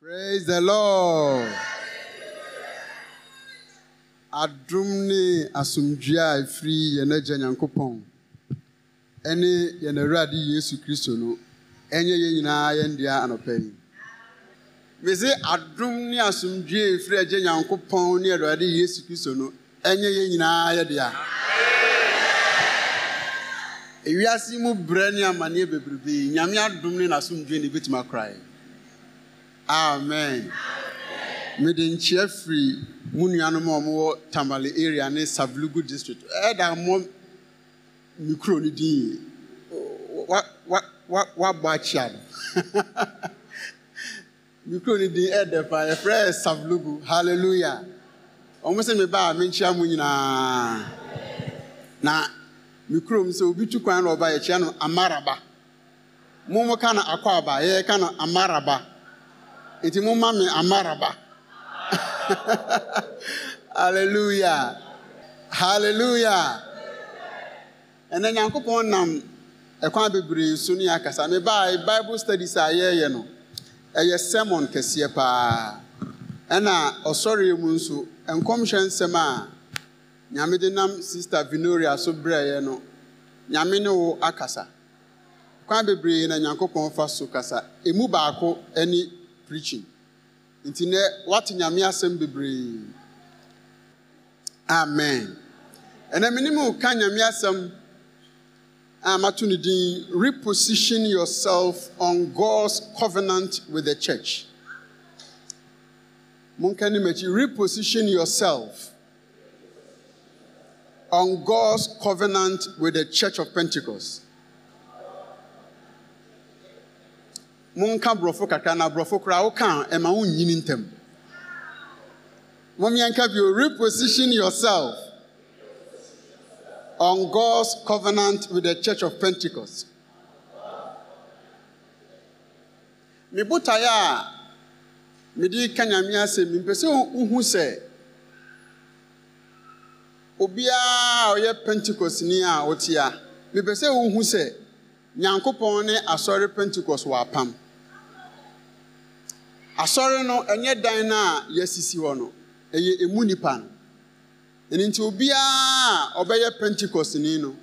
Praise the Lord. Adum ne asomdwe a ɛfiri yɛn agya Nyankopɔn ne yɛn Awurade Yesu Kristo no ɛnyɛ yɛn nyinaa yɛn dea anɔpa yi. Mese adum ne asomdwe a ɛfiri agya Nyankopɔn ne Awurade Yesu Kristo no ɛnyɛ yɛn nyinaa yɛ dea. Ewiase mu brɛ ne amanneɛ bebrebe, Nyame adum ne n'asomdwe na ebetumi akora yɛn. amen mede nkyea firi mu nuanom a wɔwɔ tamale area ne savlugu district ɛda mmɔ me kuro no din wabɔ akyia no me kuro no din ɛdɛ pa yɛfrɛ savlugu halleluya ɔmo sɛ mebaa menkyia mu nyinaa na mikro kurom sɛ obi tu kwan na ɔba yɛkyia no amaraba mo mo ka no akɔ aba yɛyɛ ka no amaraba nti momma me amaraba hallelujah, halleluya ɛnɛ nyankopɔn nam ɛkwan bebree so ne akasa mebaa bible studies a yɛyɛ no ɛyɛ sermon kɛseɛ paa ɛna ɔsɔreɛ mu nso nkɔmhyɛ nsɛm a nyame de nam sista vinoria so brɛeɛ no nyame ne wo akasa kwan bebree na nyankopɔn fa so kasa emu baako ani preaching nti nɛ wate nyame asɛm bebree amen ɛnɛ menim woka nyame asɛm a mato no din reposition yourself on god's covenant with the church monka ne makyi reposition yourself on god's covenant with the church of pentecost monka borɔfo kakra na borɔfo koraa woka ɛma wo nyini ntɛm momiɛnka bio reposition yourself on god's covenant with the church of pentecost me botaeɛ a mede ka nyame asɛm mi mpɛ sɛ wohu sɛ obiara a ɔyɛ pentecostni a wote mepɛ sɛ wohu sɛ nyankopɔn ne asɔre pentecost wɔ apam asɔre no ɛnyɛ dan no a yɛasisi hɔ no ɛyɛ emu nipa no ɛni nti obiara a ɔbɛyɛ pentecost ni no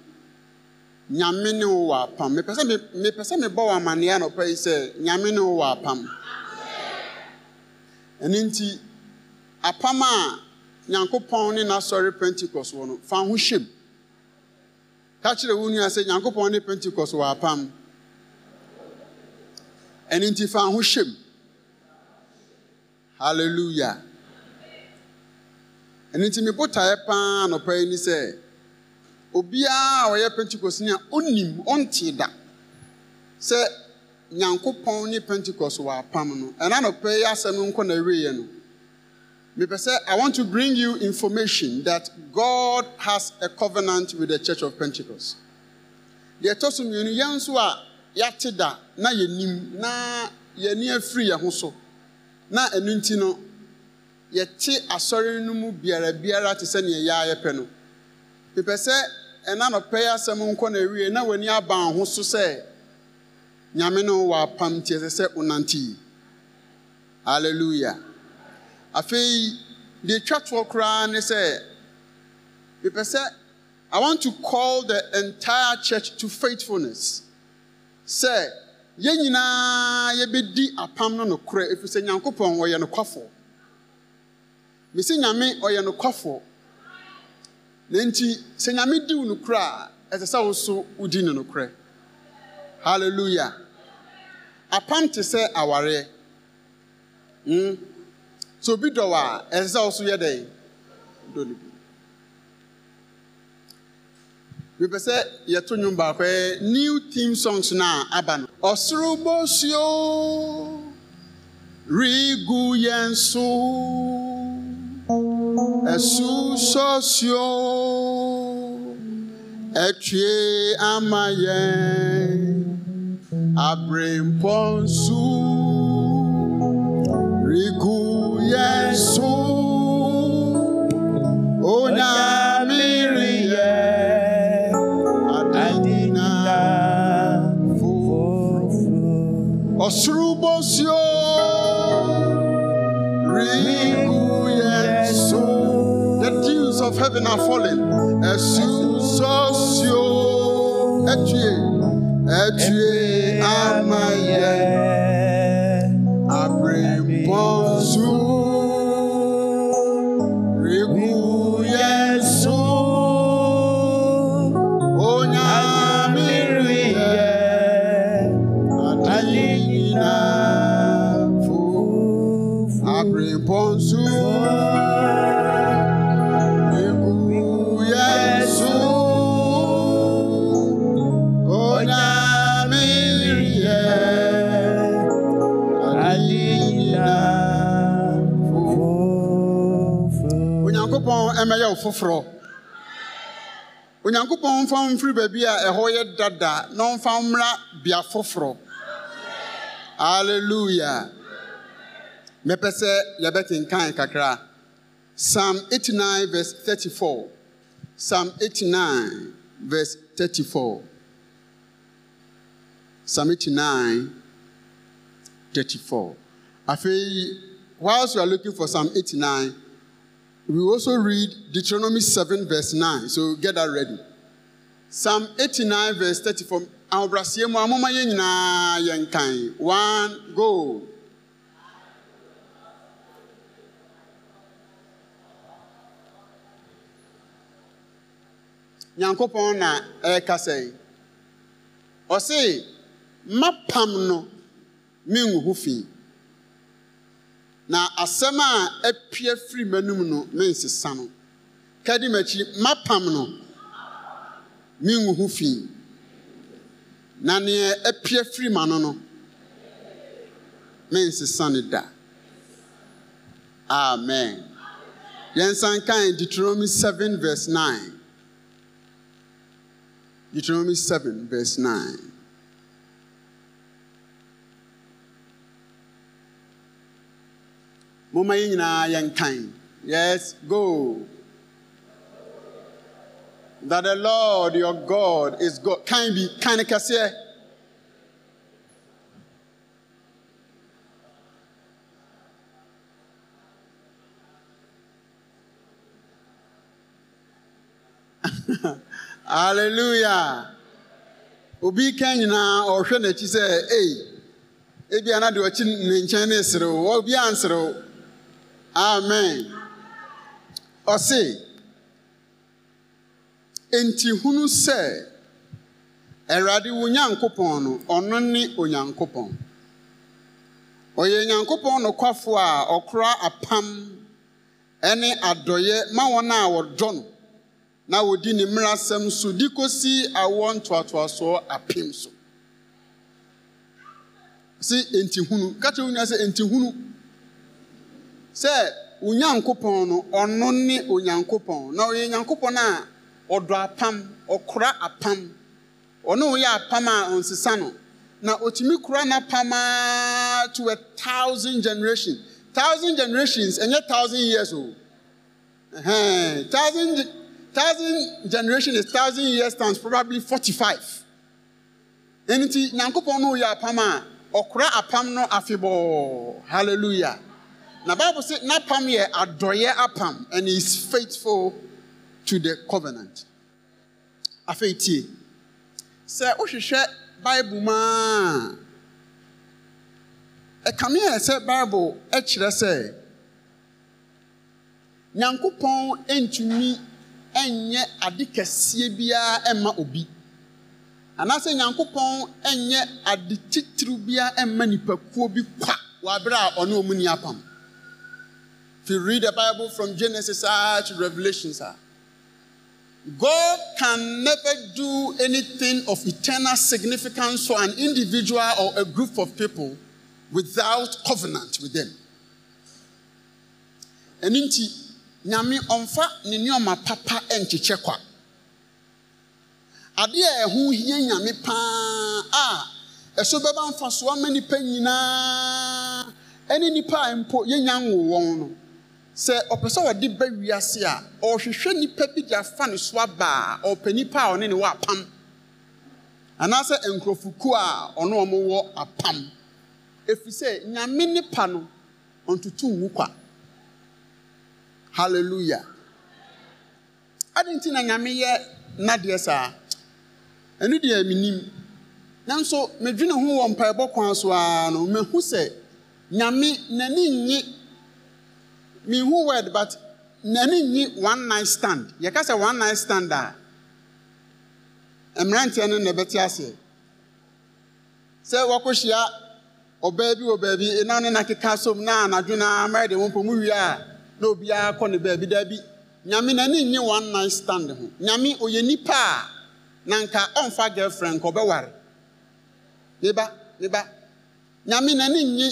nyame ne wo wɔ apam mepɛ sɛ mepɛ sɛ mebɔ wɔ amanneɛ anɔpɛ yi sɛ nyame ne wo wɔ apam ɛni nti apam a nyankopɔn ne n'asɔre pentecost wɔ no fa ho hyɛm ka kyerɛ wo nua sɛ nyankopɔn ne pentecost wɔ apam ɛni nti fa ho hyɛm. Hallelujah! ɛno nti mebotaeɛ paa nɔpa yi ni sɛ obiara a ɔyɛ pentecost ni a ɔnim ɔntee da sɛ nyankopɔn ne pentecost wɔ apam no ɛna nɔpa yi asɛm no nkɔ na ɛwieɛ no mepɛ sɛ i want to bring you information that god has a covenant with the church of pentecost deɛ ɛtɔ so mmienu yɛn nso a yɛate da na yɛnim na yɛni efiri yɛn ho so na ɛnu nti no yɛkye asɔre no mu biara biara te sɛ nea yɛa yɛpɛ no pepɛ sɛ ɛna nɔpɛ yɛ asɛm nkɔ na ewie na w'ani aba ho so sɛ nyame no wɔ apam sɛ ɔnante yi hallelujah afei deɛ twa toɔ koraa ne sɛ pepɛ sɛ i want to call the entire church to faithfulness sɛ. yɛn nyinaa yɛbɛdi apam no nokorɛ ɛfiri sɛ nyankopɔn ɔyɛ nokwafoɔ mesi nyame ɔyɛ nokwafoɔ na nti sɛ nyame di wo nokorɛ a ɛsɛ sɛ wo so wodi ne nokorɛ hallelujah! apam te sɛ awareɛ mm. sɛ obi dɔw a ɛsɛ sɛ so yɛ dɛn dɔ no bi We present yɛto nnwom baako new team songs now. a aba no ɔsoro bosuo regu yɛn so ɛsu sɔsuo ɛtue ama yɛn abrempɔ nsu yɛn so Osrubosio Rikuyeso. The dews of heaven are falling. Esusosio Etue Etue Amaye Abrebosu. ponzu Ibu Yesu Onamiriye Alila Onyankopɔn ɛmɛyɛ wo foforɔ onyankopɔn mfa mfiri baabi a ɛhɔ yɛ dada na ɔmfa mmra bea foforɔ hallelujah mepɛ sɛ yɛbɛkenkan kakra psalm 89 verse 34 psalm 89 verse 34 psalm 89 34 afei whilst we are looking for psalm 89 we also read deuteronomy 7 verse 9 so get that ready psalm 89 verse 34 ahobrɛaseɛ mu a momma yɛn nyinaa yɛnkan one go nyankopɔn na ɛreka sɛe ɔse mapam no mengu ho fii na asɛm a apia firi m'anom no mensesa no mechi m'akyi mapam no mengu ho fii na nea apia firi m'ano no mensesa ne da amen yɛnsa nkan Deuteronomy 7 verse 9 Deuteronomy 7, verse 9. Moma yi nyinaa Yes, go. That the Lord your God is God. Kind be, kind kɛseɛ. aleluya obi ike nyinaa ɔhwɛ n'akyi sɛ ei ebi na deɛ ɔkyi ne nkyɛn ne serew obi anserew amen ɔse enti hunu sɛ awurade wo nyankopɔn no ɔno ne onyankopɔn ɔyɛ nyankopɔn nokwafoɔ a ɔkora apam ne adɔeɛ ma wɔn a wɔdɔ no na wɔdi ne mmerasɛm so di kɔsi awoɔ ntoatoasoɔ apem so sɛ ɛntihunu ka kyerɛ wonya sɛ ɛntihunu sɛ onyankopɔn no ɔno ne onyankopɔn na ɔyɛ nyankopɔn a ɔdɔ apam ɔkora apam ɔno woyɛ apam a ɔnsesa no na otumi kora n'apam a to a thousand generation thousand generations ɛnyɛ thousand years o thousand thousand generation is thousand years times probably forty-five. Nti nyankopɔn no yɛ apam a ɔkora apam no afebɔɔ hallelujah. Na Bible say n'apam yɛ adɔyɛ apam and he is faithful to the covenant. Afei tie. Sɛ wohwehwɛ Bible maa ɛkame a ɛsɛ Bible ɛkyerɛ sɛ nyankopɔn ntumi. ɛnyɛ ade kɛseɛ biara ɛma obi anaasɛ nyankopɔn ɛnyɛ ade titiriw biara ɛma nipakuo bi kwa wɔ abere a ɔne ɔmo ni apam if you read the bible from genesis ah to revolution ah god can never do anything of eternal significance for an individual or a group of people without covenant with them ɛni ti. nyame ɔmfa ne nneɛma papa nkyekyɛ kwa adeɛ a ɛho hia nyame paa a ɛso bɛba mfasoɔ ama nnipa nyinaa ɛne nnipa a mpo yɛnya nwo wɔn no sɛ ɔpɛ sɛ ɔde ba wiase a ɔrehwehwɛ nnipa bi de afa ne so aba a ɔpɛ nnipa a ɔne ne wɔ apam anaasɛ nkurɔfokuo a ɔne ɔmo wɔ apam ɛfiri nyame nipa no ɔntutu nwu kwa halleluya adị nti na nyame yɛ nnadeɛ saa ɛno deɛ menim nanso medwene ho wɔ mpaebɔ kwan so ara no mehu sɛ nyame n'ani nye mehu word but n'ani nye one night stand yɛka sɛ one night stand a mmeranteɛ no na ɛbɛte aseɛ sɛ wɔkɔhyia ɔbaa bi wɔ baabi ɛna ne nakeka som na anadwo na mɛde wo mpɔ mu wie a na obiara kɔ ne baabi daa bi nyame n'ani nye one night stand ho nyame oyɛ nipa a nanka ɔnfa girlfriend kɔ ɔbɛware neba neba nyame n'ani nye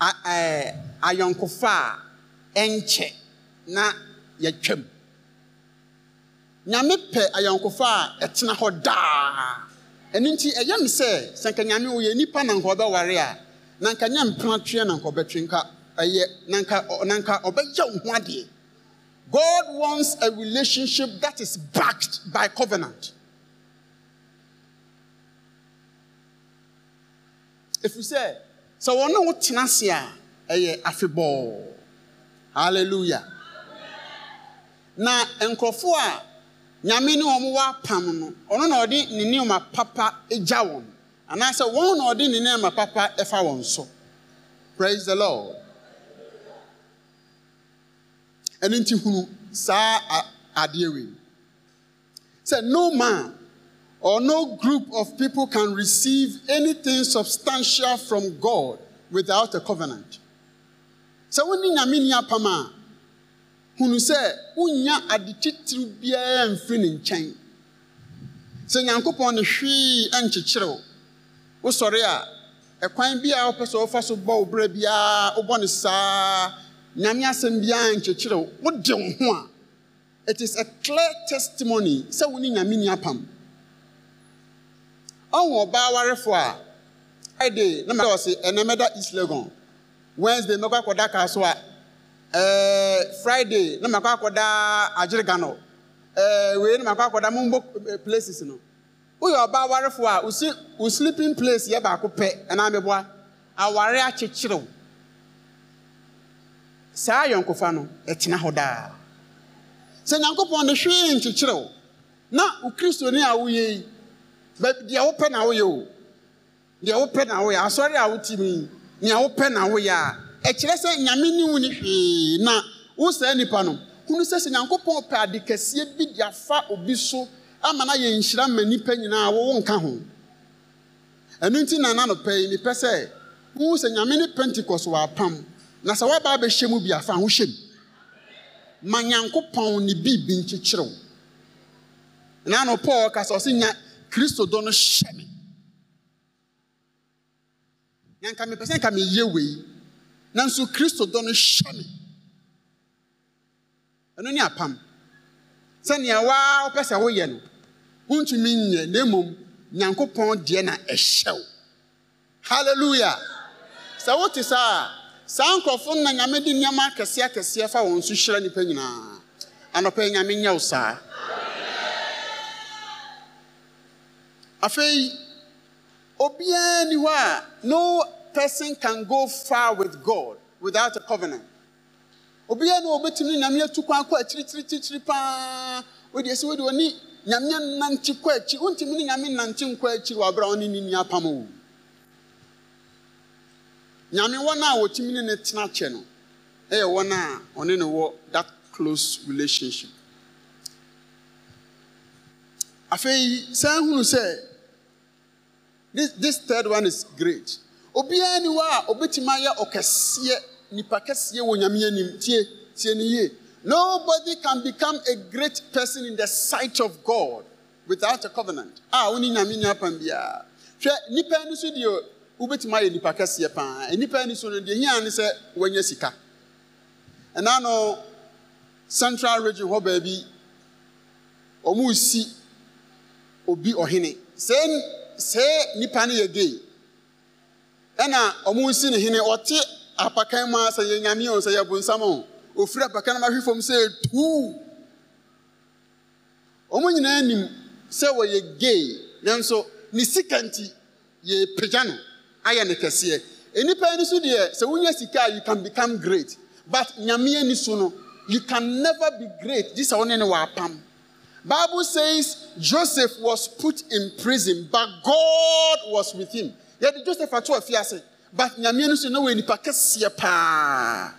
ɛɛ ayɔnkofa a ɛnkyɛ na yɛtwam nyame pɛ ayɔnkofa a ɛtena hɔ daa ɛno nti ɛyɛ mi sɛ sɛ nka nyame oyɛ nipa nanka ɔbɛware a nanka nyɛ mpena twɛ nanka ɔbɛtwe nka. ɛyɛ nanka nanka ɔbɛyɛ wo ho adeɛ god wants a relationship that is backed by covenant ɛfiri sɛ sɛ wɔn wo tena ase a ɛyɛ afebɔɔ hallelujah na nkurɔfoɔ a nyame ne wɔn wɔ apam no ɔno na ɔde ne nneɛma papa gya wɔn anaasɛ wɔn na ɔde ne nneɛma papa ɛfa wɔn so praise the lord. ɛno nti hunu saa adeɛ wei sɛ no man or no group of people can receive anything substantial from God without a covenant. sɛ wo ne nyame ni apam a hunu sɛ wonya ade titiri biara mfiri ne nkyɛn sɛ nyankopɔn ne hwee nkyekyere wo wosɔre a ɛkwan bi a wopɛ sɛ wofa so bɔ wo berɛ biara wobɔ ne saa nyame asɛm biara nkyekyere wo wode wo ho a it is a clear testimony sɛ wo ne nyame ni apam ɔwɔ ɔbaa warefoɔ a ɛde na mɛda ɔse ɛnɛ mɛda east legon wednesday mɛkɔ akɔda kaa so a ɛɛ friday na mɛkɔ akɔda agyere gano ɛɛ wei na mɛkɔ akɔda mumbo eh, places no woyɛ ɔbaa warefoɔ a wo sleeping place yɛ baako pɛ ɛnaa mɛboa aware akyekyere wo saa ayɔnkofa no ɛtena hɔ daa sɛ nyankopɔn de hwee nkyekyere na wo kristoni a woyɛ yi deɛ wopɛ na woyɛ o deɛ wopɛ na woyɛ asɔre a wotimi nea wopɛ na woyɛ a ɛkyerɛ sɛ nyame ne wo ne hwee na wo saa nnipa no hunu sɛ sɛ nyankopɔn pɛ ade kɛseɛ bi de afa obi so ama no ayɛ nhyira ma nnipa nyinaa wowo nka ho ɛno nti na nanopɛ yi mepɛ sɛ wohu sɛ nyame ne pentecost wɔ apam na sɛ woaba abɛhyɛ mu bi afa ho hyɛ mu ma nyankopɔn ne biribi nkyekyerew na no paul ka sɛ ɔse nya kristo dɔ no hyɛ me nyanka mepɛ sɛ nka meyɛ wei nanso kristo dɔ no hyɛ me ɛno ne apam sɛnea waa wopɛ sɛ woyɛ no wontumi nyɛ na mmom nyankopɔn deɛ na ɛhyɛ wo halleluya sɛ wote saa a saa nkurɔfoɔ na nyame de nneɛma akɛseɛ akɛseɛ fa wɔn so hyerɛ nnipa nyinaa anɔpɛ nyame nyɛ wo saa afei obiara ni hɔ a no person can go far with god without a covenant obiara na obetumi nyame atu kwan kɔ akyirikyirikyirikyiri paa wodi esi wodi oni nyame nante kɔ akyi wontumi ne nyame nante nkɔ akyi wɔ abira wɔn ne ne nua pam o. nyame wɔn a wɔtumi ne ne tena kyɛ no ɛyɛ wɔn a ɔne ne wɔ that close relationship afei san hunu sɛ this this third one is great obiara ni hɔ a obetumi ayɛ ɔkɛseɛ nipa kɛseɛ wɔ nyame anim tie tie ne yie nobody can become a great person in the sight of god without a covenant a wɔn ni nyame ni biara hwɛ nipa ni so deɛ. wobɛtumi ayɛ nipa kɛseɛ paa nipa ni so no deɛ hia ne sɛ wanya sika ɛna no central region hɔ baabi wɔn obi ɔhene sɛɛ sɛɛ nipa no yɛ gay ɛna wɔn si ne hene ɔte apakan mu asɛ yɛ nyame o sɛ yɛ bonsam o ofiri apakan mu ahwɛ fam sɛ etuu wɔn nyinaa nim sɛ wɔyɛ gay nanso ne sika nti yɛ no. ayɛ ne kɛseɛ nnipa ani so deɛ sɛ wonya sika you can become great but nyame ani so no you can never be great gye sɛ wo ne ne wɔapam bible says joseph was put in prison but god was with him yɛde joseph ato afiase but nyame ani so na wɔ nnipa kɛseɛ paa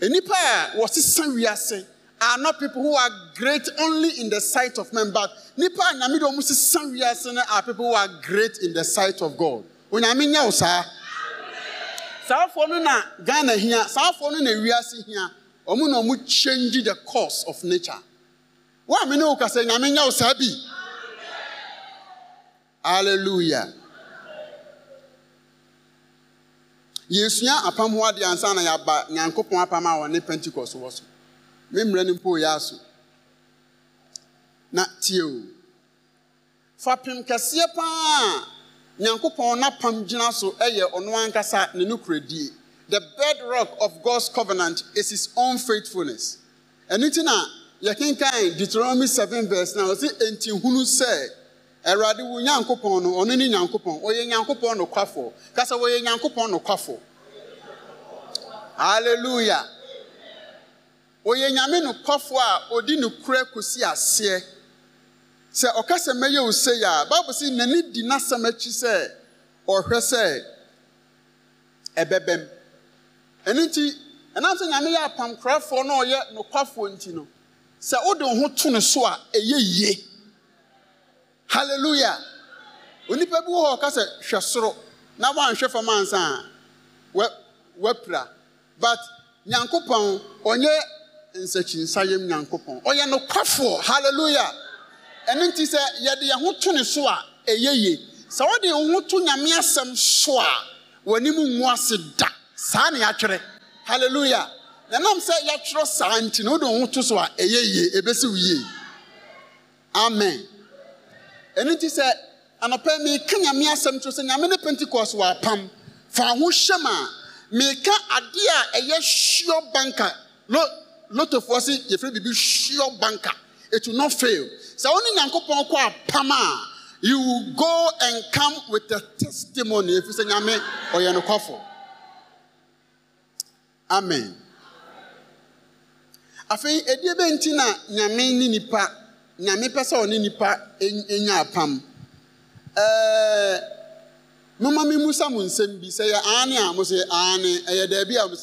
nnipa a wɔsesa wiase are not people who are great only in the sight of men but nnipa a nyame de ɔmo sesa wiase are people who are great in the sight of god onyame nyɛ wo saa saa afoɔ no na ghana hia saa afọ no na wiase hia ɔmo na ɔmo change the course of nature wɔn a mi ne kasa nyame nyɛ wo saa bi hallelujah yɛsua apam ho adeɛ ansa na yɛaba nyankopɔn apam a wɔne pentecost wɔ so me mmerɛ no ya yɛ na tie o fapem kɛseɛ paa nyankopɔn n'apam gyina so yɛ ɔno ankasa ne nokoredie the bedrock of god's covenant is his own faithfulness ɛno nti na yɛkenkan deuteronomy 7 verse na ɔsi nti hunu sɛ awurade wo nyankopɔn no ɔno ne nyankopɔn ɔyɛ nyankopɔn nokwafo kasa wɔyɛ nyankopɔn nokwafo hallelujah ɔyɛ nyame nokwafo a ɔdi nokorɛ kɔsi aseɛ sɛ ɔkasa mɛyɛ o se a bible sɛ n'ani di n'asɛm akyi sɛ ɔhwɛ sɛ ɛbɛbɛm ɛno nti ɛnam sɛ nyame yɛ apamkorafoɔ na ɔyɛ nokwafoɔ nti no sɛ wode wo ho to no so a ɛyɛ yie halleluya onipa bi wɔ hɔ ɔka sɛ hwɛ soro na woanhwɛ fam ansa a wapira but nyankopɔn ɔnyɛ nsakyinsa yam nyankopɔn ɔyɛ nokwafoɔ halleluya ɛno nti sɛ yɛde yɛn ho to ne so a ɛyɛ yie sɛ wɔde yɛn ho to nyame asɛm so a wɔnim ngu ase da saa ne yɛatwerɛ hallelujah nanam sɛ yɛatwerɛ saa nti na wode wo ho to so a ɛyɛ yie ɛbɛsi yie amen ɛno nti sɛ anɔpɛ meka nyame asɛm kyerɛ sɛ nyame ne pentecost wɔ apam fa ho hyɛm a meka adeɛ a ɛyɛ sure banka lo lotofoɔ se yɛfrɛ biribi sure banka it will not fail so only ne nyankopɔn kɔ a you will go and come with a testimony you say nyame ɔyɛ nokwafo amen afei ɛdeɛ bɛnti na nyame ni nipa nyame pɛ oni nipa ɛnya pam. moma me mu sa mo nsɛm bi sɛ yɛ aane a mo sɛ aane ɛyɛ daabi a mo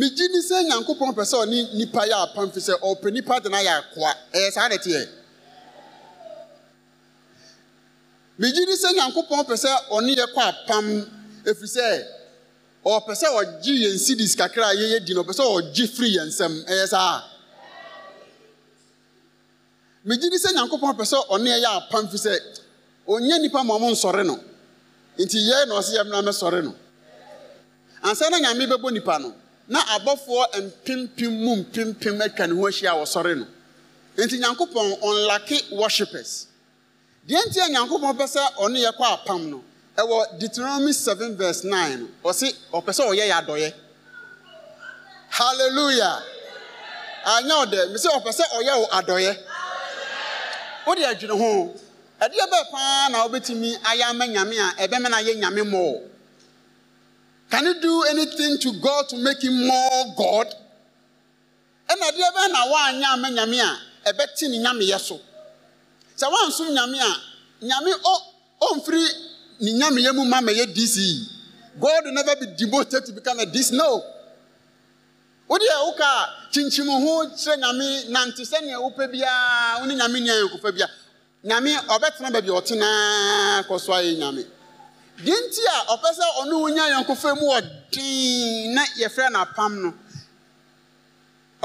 megye ni sɛ nyankopɔn pɛ sɛ ɔne nipa yɛ apam fi sɛ ɔpɛ nipa de no ayɛ akoa ɛyɛ saa de teɛ megye ni sɛ nyankopɔn pɛ sɛ ɔne yɛ kɔ apam ɛfiri sɛ ɔpɛ sɛ ɔgye yɛn sidis kakra a yɛyɛ di no ɔpɛ sɛ ɔgye firi yɛn nsɛm ɛyɛ saa megye ni sɛ nyankopɔn pɛ sɛ ɔne yɛ apam fi sɛ ɔnyɛ nipa ma ɔmo nsɔre no nti yɛn na ɔsɛ yɛm na mɛsɔre no ansa na nyame bɛbɔ nipa no na abɔfoɔ mpempem mu mpempem atwa ne ho ahyia a wɔsɔre no nti nyankopɔn ɔnlake worshippers deɛ nti a nyankopɔn pɛ sɛ ɔne yɛ kɔ apam no ɛwɔ deuteronomy 7 verse 9 no ɔse ɔpɛ sɛ ɔyɛ yɛ adɔyɛ hallelujah anyɛ ɔdɛ me sɛ ɔpɛ sɛ ɔyɛ wo adɔyɛ wode adwene ho ɛdeɛ bɛɛ paa na wobɛtumi ayɛ ama nyame a ɛbɛma no ayɛ nyame mmɔɔ Can you do anything to God to make him more God? ɛna deɛ bɛn na wanyɛ ama nyame a ɛbɛte ne nyameyɛ so Sa sɛ wansom nyame a nyame ɔmfiri ne nyameyɛ mu ma mɛyɛ dc god never be demoted to become a dc no wodeɛ woka a kyinkyim ho kyerɛ nyame nante sɛnea wopɛ biara wo ne nyame nua yɛ kofa bia nyame ɔbɛtena baabi a ɔtenaa kɔ so ayɛ nyame deɛ nti a ɔpɛ sɛ ɔne wo nya yɔnkofa mu ɔden na yɛfrɛ n'apam apam no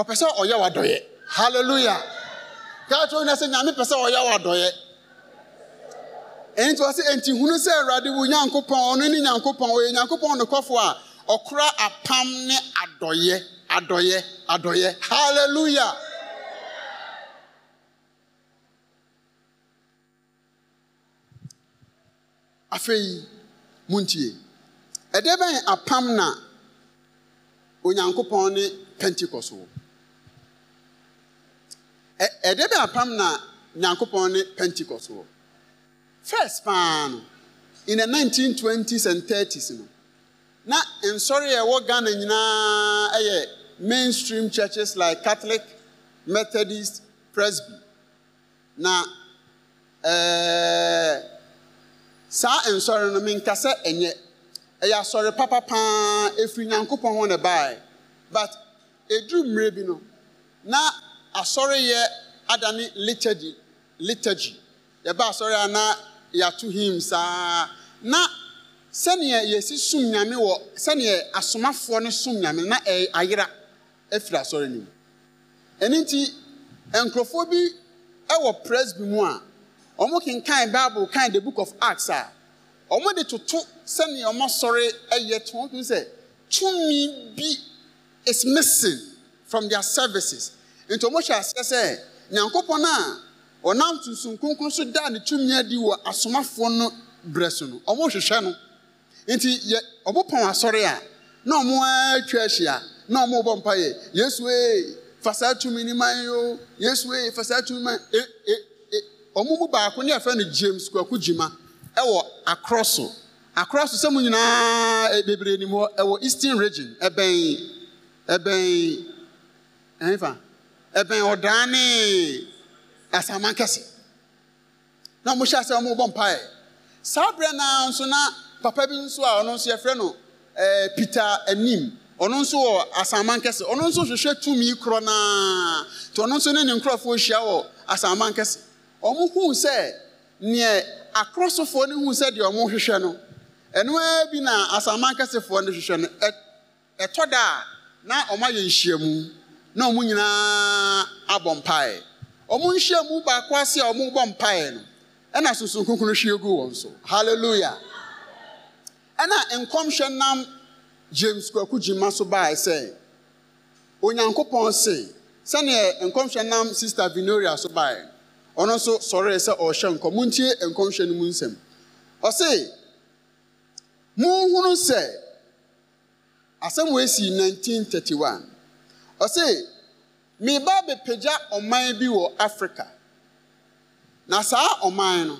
ɔpɛ sɛ ɔyɛ wadɔyɛ halleluya kaa kyerɛ nyina sɛ nyame pɛ sɛ ɔyɛ wadɔyɛ ɛnti wɔ sɛ ɛnti hunu sɛ awurade wo nyankopɔn ɔno ne nyankopɔn ɔyɛ nyankopɔn nokɔfoɔ a ɔkura apam ne adɔyɛ adɔyɛ adɔyɛ halleluya afei muntie ɛdɛ bɛn apam na onyankopɔn ne pentecost wɔ ɛdɛ bɛn apam na nyankopɔn ne pentecost wɔ first paa no in the 1920s and 30s no na nsɔre a ɛwɔ ghana nyinaa ɛyɛ mainstream churches like catholic methodist presby na ɛɛɛ. Uh, saa nsɔre no menka sɛ ɛnyɛ ɛyɛ asɔre papa paa efiri nyankopɔn ho na bae but eduru mmerɛ bi no na asɔre yɛ adane liturgy liturgy yɛba asɔre a na yɛato him saa na sɛnea yɛsi sum nyame wɔ sɛnea asomafoɔ no sum nyame na ɛyɛ ayera efiri asɔre no mu ɛne nti nkurɔfoɔ bi ɛwɔ press bi mu a. wɔn kenkan bible kan the book of acts a wɔn de toto sɛnea wɔn asɔre ɛyɛ to wɔn tun sɛ tumi bi is missing from their services nti wɔn hyɛ aseɛ sɛ nyankopɔn a ɔnam tuntum kunkun so da ne tumi adi wɔ asomafoɔ no brɛ so no wɔn rehwehwɛ no nti yɛ wɔn pɔn asɔre a na wɔn atwa ahyia na wɔn rebɔ mpa yɛ yesu ee fasaa tumi ni man yi o yesu ee fasaa tumi man ee ee wɔn mu baako ne yɛfrɛ no james kwaku gyima wɔ akorɔ so akorɔ so sɛm nyinaa eh, bebree nim hɔ wɔ eastern region ɛbɛn ɛbɛn ɛnfa ɛbɛn ɔdan ne asaman kɛse na wɔn hyɛ ase wɔn bɔ mpaeɛ saa abirɛ naa nso na papa bi nso a ɔno nso yɛfrɛ no ɛɛ eh, peter anim ɔno nso wɔ asaman kɛse ɔno nso hwehwɛ tumi korɔ naa nti ɔno nso ne ne nkurɔfoɔ hyia wɔ asaman kɛse. ɔmo huu sɛ neɛ akorɔsofoɔ no huu sɛ deɛ ɔmo hwehwɛ no ɛno bi na asaman kɛsefoɔ no hwehwɛ no ɛtɔ da a na ɔmo ayɛ nhyiamu na ɔmo nyinaa abɔ mpaeɛ ɔmo nhyiamu baako ase a ɔmo bɔ mpaeɛ no ɛna sunsun kunkun hwie gu wɔn so hallelujah ɛna nkɔmhyɛ nam james kwaku gyima so baa sɛ onyankopɔn se sɛnea nkɔmhyɛ nam sista vinoria so baa ɔno nso sɔree sɛ ɔrehyɛ nkɔm montie nkɔmhyɛ no mu nsɛm ɔse monhunu sɛ asɛm wɔasi 1931 ɔse meba bɛpagya ɔman bi wɔ africa na saa ɔman no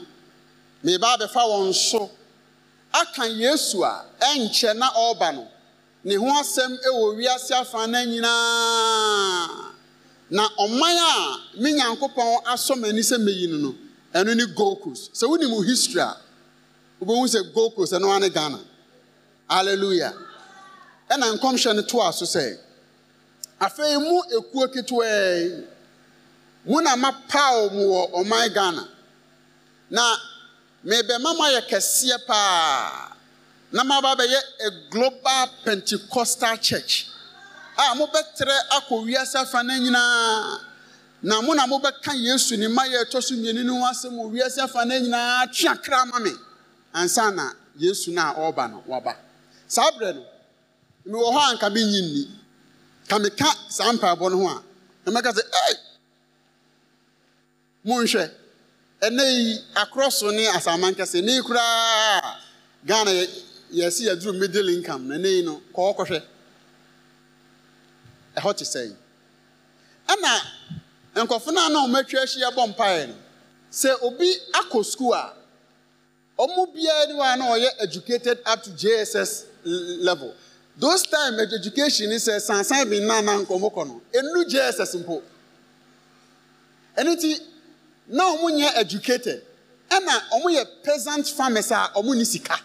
meba bɛfa wɔn so aka yesu a ɛnkyɛ na ɔreba no ne ho asɛm ɛwɔ wiase afa na nyinaa na ɔman a me nyankopɔn asɔ m'ani sɛ meyi no no ɛno ne gold coast sɛ wonim history a wobɛhu sɛ gold coast ɛno ane ghana hallelujah ɛna nkɔmhyɛ no toa so sɛ afei mu ekuo ketewaa mu na mapaw mu wɔ ɔman ghana na mebɛma ma yɛ kɛseɛ paa na maba bɛyɛ a global pentecostal church a mobɛtrɛ akɔ wiase afa no nyinaa na mo na mobɛka yesu ne ma yɛ ɛtɔ so mmienu no ho asɛm wɔ wiase afa no nyinaa twe akra ama me ansa na yesu no a ɔreba no waba saa berɛ no mewɔ hɔ a nka menyi nni ka meka saa mpaebɔ no ho a na mɛka sɛ ei monhwɛ ɛnɛ yi akorɔ so ne asamankɛse ne yi koraa ghana yɛsi yɛduru middle income na ne yi no kɔɔ ɛhɔ te sɛ ɛna nkɔfo no a na wɔn atwa ahyia bɔ mpaeɛ no sɛ obi akɔ sukuu a wɔn biara ni wɔn a na wɔyɛ educated up to jss level those time education sɛ sansan bi nnan na nkɔmɔ kɔ no enu jss mpo ɛno ti na wɔn nyɛ educated ɛna wɔn yɛ peasant farmers a wɔn ni sika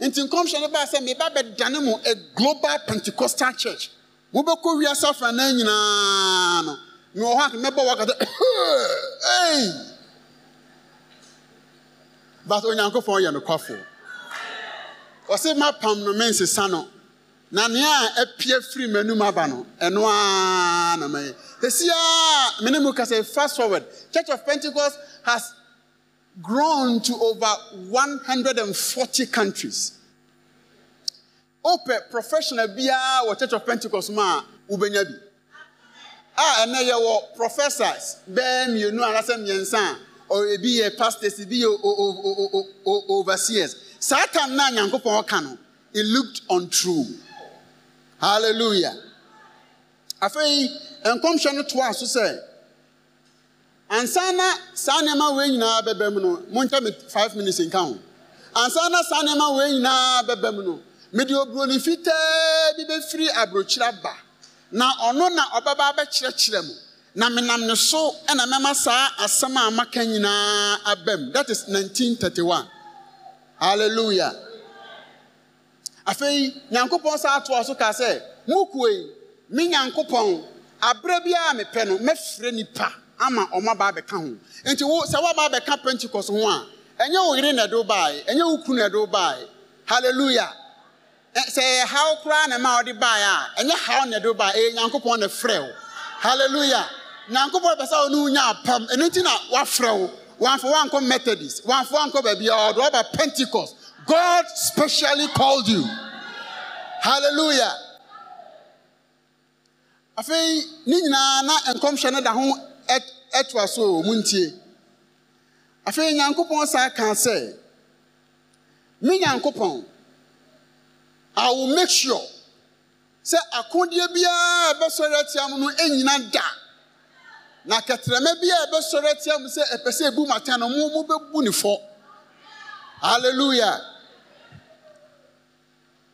nti nkɔmhyɛ no baa sɛ meba bɛdane mu a global pentecostal church. wobɛkɔ wiase afrana nyinaa no mewɔ hɔ a mɛbɔ wakata ei but onyankopɔn yɛ nokwafo ɔse mapam no mensesa no na nea a apia firi m'anim aba no ɛno ara na mayɛ ɛsiaa mene mu ka fast forward church of pentecost has grown to over 140 countries wopɛ professional biara wɔ church of pentecost mu a wobɛnya bi a ɛnɛ yɛwɔ professors bɛɛ mmienu anasɛ mmiɛnsa a ebi yɛ pastors ebi yɛ overseers saa tam na nyankopɔn ɔka no it looked untrue hallelujah afei nkɔmhyɛ no toa so sɛ ansa na saa nneɛma wei nyinaa bɛbɛ mu no monkyɛ me five minutes nka ho ansa na saa nneɛma wei nyinaa bɛbɛ mu no mede oburoni fitaa bi bɛfiri aburokyiri aba na ɔno na ɔbɛba bɛkyerɛkyerɛ mu na menam ne so na mɛma saa asɛm a maka nyinaa aba that is 1931 hallelujah afei nyankopɔn saa atoa so ka sɛ mukue me nyankopɔn aberɛ biara mepɛ no mɛfrɛ nipa ama ɔma baa bɛka ho nti wo sɛ woabaa bɛka pentecost ho a ɛnyɛ wo yere na ɛde wo baeɛ ɛnyɛ wo kunu na ɛde wo baeɛ hallelujah Eh, Say how cry koraa na ɛma ɔde baa a ɛnyɛ haw na ɛde baa ɛyɛ nyankopɔn na frɛ wo hallelujah nyankopɔn pɛ sɛ ɔne wonya apam ɛno nti na wafrɛ wo wɔamfo woankɔ methodist for one baabi a ɔde ba pentecost god specially called you hallelujah afei ni nyinaa na nkɔmhyɛ no da ho ɛtoa so muntie afei nyankopɔn sa kaa sɛ me nyankopɔn I will make sure sɛ akodeɛ biara ɛbɛsɔre atia mu no nyina da na kɛtɛrɛmɛ biara ɛbɛsɔre atia mu sɛ ɛpɛ sɛ ebu mu atɛn no mo mo bɛbu ne fɔ hallelujah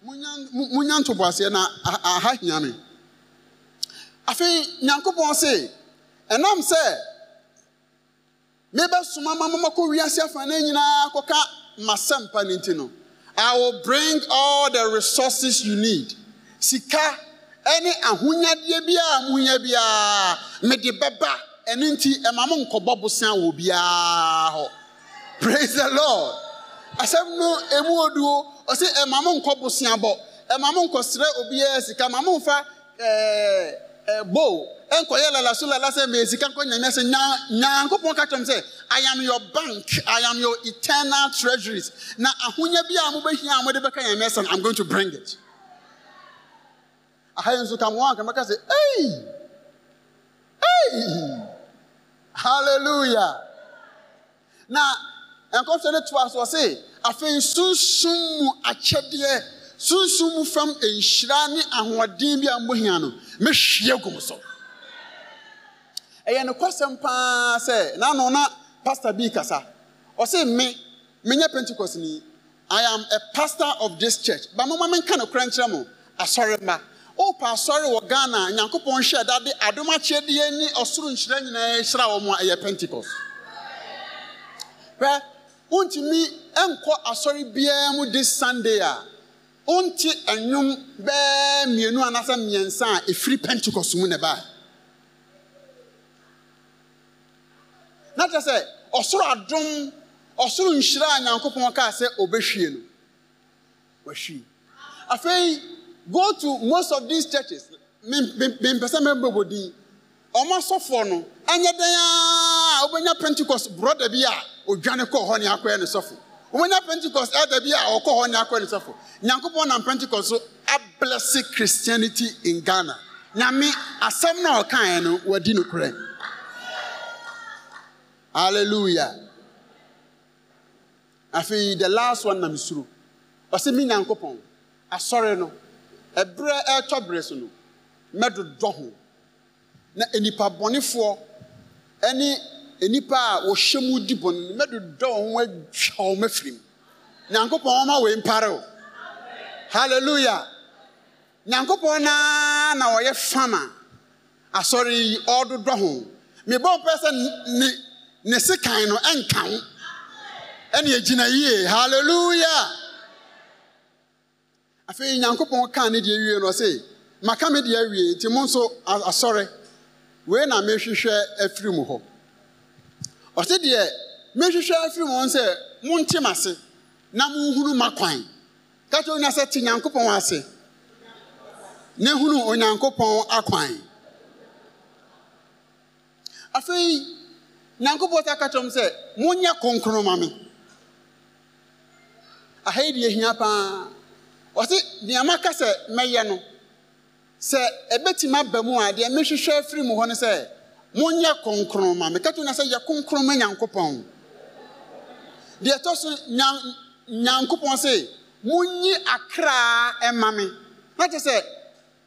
mo nya ntoboaseɛ na aha hia me afei nyankopɔn se ɛnam sɛ mebɛsoma ma mɔmɔkɔ wiase afa ne nyinaa kɔka masɛmpa ne nti no I will bring all the resources you need. Sika, any ahunyadeɛ biara amunya biara, mede baba ɛne nti ɛma mo nkɔbɔ bosan Praise the Lord. Asɛm no emu oduo, ɔsi ɛma mo nkɔ bosan bɔ, ɛma mo sika, ɛma mo eh, ebo eh, nkɔyɛ lalaso lalasɛ mesi kankɔ nyamia sɛ nyankopɔn ka kyerɛm sɛ i am your bank i am your eternal treasuries na ahonya bi a mobɛhia a mode bɛka nyamia sɛ i'm going to bring it ahayɛ nso ka moa nkamɛka sɛ ei ei halleluya na nkɔmhyɛ no toa so ɔse afei sunsum mu akyɛdeɛ sunsum mu fam nhyira ne ahoɔden bi a mbohia no mehwie gu m so ɛyɛ no kɔsɛm paa sɛ n'ano na pastor bi kasa ɔse me menyɛ pentecost ni i am a pastor of this church ba mama menka no kora nkyerɛ mu asɔre mma wopa asɔre wɔ ghana nyankopɔn hyɛ da de adom akyɛdeɛ ne ɔsoro nhyira nyinaa hyira wɔ mu a ɛyɛ pentecost hwɛ wontumi nkɔ asɔre biara mu this sunday a ɔnti ɛnwom bɛɛ mmienu anasa mmiɛnsa a efiri pentikɔs mu na ɛbaa na kyerɛ sɛ ɔsoro adum ɔsoro nhyira a nyankopɔn kaa sɛ ɔbɛhwie no wahwie afei go to most of these churches mempɛ sɛ mɛbɛbɔ din ɔmo asɔfoɔ no ɛnyɛ dɛn a wobɛnya pentikɔs brɔda bi a odwane kɔɔ hɔ ne akɔyɛ ne sɔfo wɔnya pentecost ɛda bi a ɔkɔ hɔ ne akɔ ne sɛfo nyankopɔn nam pentecost so ablɛse christianity in ghana nyame asɛm na ɔkaeɛ no wadi no korɛ hallelujah afei the last one nam suro ɔsɛ me nyankopɔn asɔre no ɛberɛ ɛretɔ berɛ so no mɛdodɔ ho na nnipa bɔnefoɔ ne nnipa a wɔhyɛ mu di bɔn no mɛdodɔ wɔn ho atwa wɔn afiri mu nyankopɔn ɔma wɔn mpare o hallelujah nyankopɔn naa na ɔyɛ fama asɔre yi ɔredodɔ ho mebɔ mpɛ sɛ ne ne sekan no ɛnka ɛna egyina yie hallelujah afei nyankopɔn kaa ne deɛ wie no ɔse maka me deɛ awie nti mo nso asɔre wei na mehwehwɛ afiri mu hɔ. ɔsɛ deɛ mehwehwɛ afiri wɔn sɛ montem ase na monhunu ma kwan ka kyerɛ sɛ te nyankopɔn ase na hunu onyankopɔn akwan afei nyankopɔn sa ka kyerɛ m sɛ monyɛ kronkron ma me aha yi deɛ hia paa ɔse deɛ maka sɛ mɛyɛ no sɛ ɛbɛtumi aba mu a deɛ mehwehwɛ afiri mu hɔ no sɛ monyɛ kronkron ma meka to na sɛ yɛ kronkron ma nyankopɔn deɛ ɛtɔ so nyankopɔn se monyi akraa ɛma me na kyɛ sɛ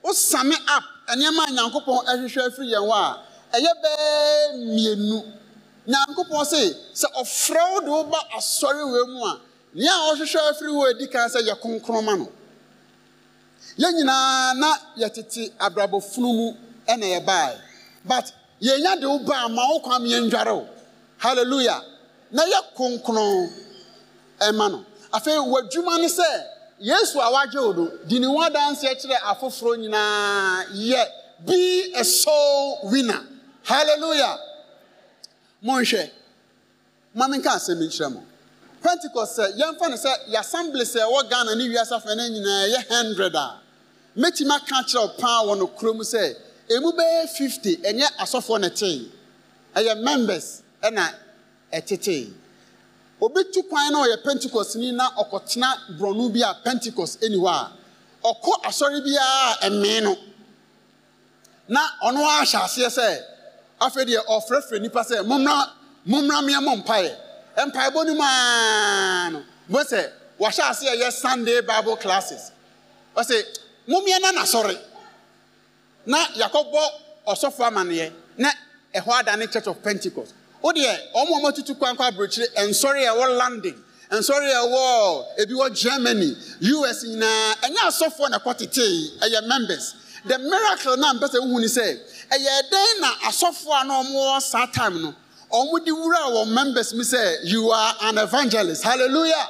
wosame up nneɛma a nyankopɔn ahwehwɛ afiri yɛn hɔ a ɛyɛ bɛɛ mmienu nyankopɔn se sɛ ɔfrɛ wo de woba asɔre wei mu a nea a ɔhwehwɛ afiri hɔ adi kan sɛ yɛ kronkron ma no yɛn nyinaa na yɛtete abrabɔfunu mu ɛna yɛbaeɛ but yɛnya de wo baa ma wo kwam yɛndware o. halleluya na yɛ kronkron ɛma no afei w'adwuma ne sɛ yesu a wagye wo do di ne ho adanseɛ kyerɛ afoforɔ nyinaa yɛ bi a wina. winner halleluya monhwɛ ma menka asɛm nkyerɛ mo pentecost sɛ yɛmfa no sɛ yɛasamble sɛ ɛwɔ ghana ne wiasafɛ no nyinaa ɛyɛ 100 a mɛtumi aka kyerɛ wo paa wɔ no kurom sɛ emu bɛyɛ 50 ɛnyɛ asɔfoɔ na ɛtee ɛyɛ members ɛna ɛtetee obi tu kwan na ɔyɛ pentikost ni na ɔkɔtena borɔno bi a pentikost ɛni hɔ a ɔkɔ asɔre biara ɛmee no na ɔno ahyɛ aseɛ sɛ afei deɛ ɔfrɛfrɛ nipa sɛ mumra mumra mmeɛmɔ mpaeɛ bɔ ne mu aa no mo sɛ wɔahyɛ aseɛ yɛ sunday bible classes ɔsɛ mumia na sɔre. na yakɔbɔ ɔsɔfo amaneɛ na ɛhɔ adane church of pentecost o deɛ wɔn a wɔatutu kwan kɔ aburokyire nsɔre a ɛwɔ london nsɔre a ɛwɔ ebi wɔ germany us nyinaa ɛnyɛ asɔfoɔ na ɛkɔ tetee ɛyɛ members the miracle na mpɛsɛ huhu ni sɛ ɛyɛ dɛn na asɔfoɔ a na wɔwɔ saa time no wɔn de wura wɔn members mi sɛ you are an evangelist hallelujah.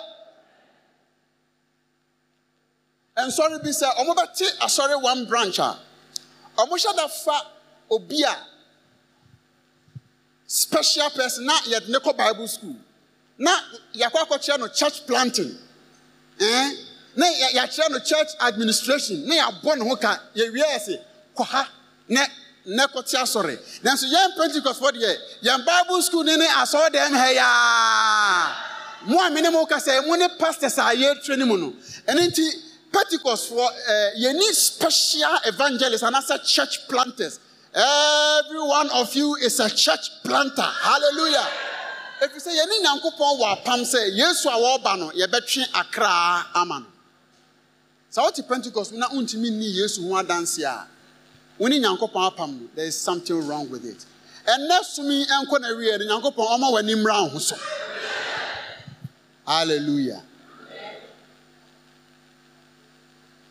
nsɔre bi sɛ wɔbɛte asɔre one branch a ɔmohyɛ da fa obi a special person na yɛde ne kɔ bible school na yɛakɔ akɔkyerɛ no church planting ɛn na yɛakyerɛ no church administration na yɛabɔ ne ho ka yɛwie ɛsɛ kɔ ha na na kɔte asɔre nanso yɛn pentikɔsfo deɛ yɛn bible school ne ne asɔredan ha yaa mo a me ne mo kasa mu ne pastors a yɛretrɛ ne mu no ɛne nti for uh, need special evangelists and said church planters every one of you is a church planter hallelujah you say you need nyankopɔn wa pam say yesu wa bano, no akra aman. So sɛ pentecost mu na wontumi ni yesu wa adanse a wone wa apam there is something wrong with it And next to me, wie no nyankopɔn in w'ani ama wo ho so hallelujah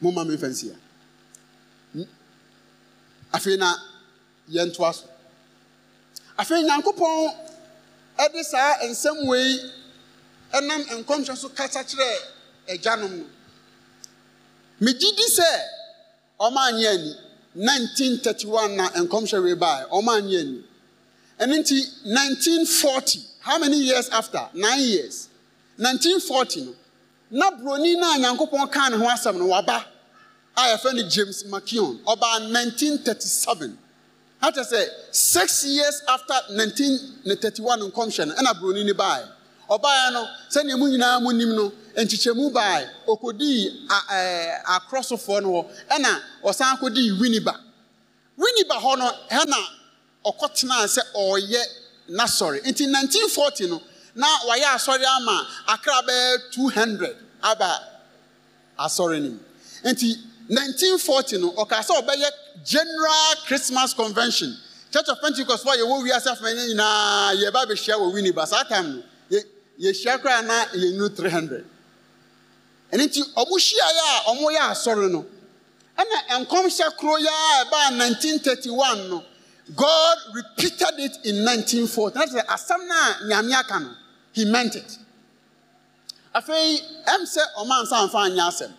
momma me mfɛnsia afei na yɛntoa so afei nyankopɔn de saa nsɛm wei nam nkɔmhyɛ so kasa kyerɛɛ agyanom no megye di sɛ ɔmaanyɛ ani 1931 na nkɔmhyɛ wei baeɛ ɔmaanyɛ ani ɛno nti 1940 how many years after nine years 1940 no na broni na a nyankopɔn kaa ne ho asɛm no waba a yɛfɛ no james makion ɔbaa 1937 akyɛ sɛ six years after 1931 nkɔmhyɛ no ɛna buroni no baeɛ ɔbaeɛ no sɛnea mu nyinaa mu nim no nkyekyɛmu baeɛ ɔkɔdii akorɔsofoɔ no hɔ ɛna ɔsan kɔdii winiba winiba hɔ no ɛna ɔkɔtenaa sɛ ɔreyɛ n'asɔre nti 1940 no na wayɛ asɔre ama akra bɛyɛ 200 aba asɔre no mu nti 1940 no ɔka sɛ ɔbɛyɛ general christmas convention church of pentecost fɔ a yɛwɔ wiase afɛnɛ nyinaa yɛba share we wini but saa time no yɛ share koraa na new 300 And nti ɔmo hyiaeɛ a ɔmo yɛ asɔre no And nkɔmhyɛ koro yɛ a ɛbaa 1931 no god repeated it in 1940 na kyerɛ asɛm no nyame aka no he meant it afei ɛm sɛ ɔmansa amfa anyɛ asem.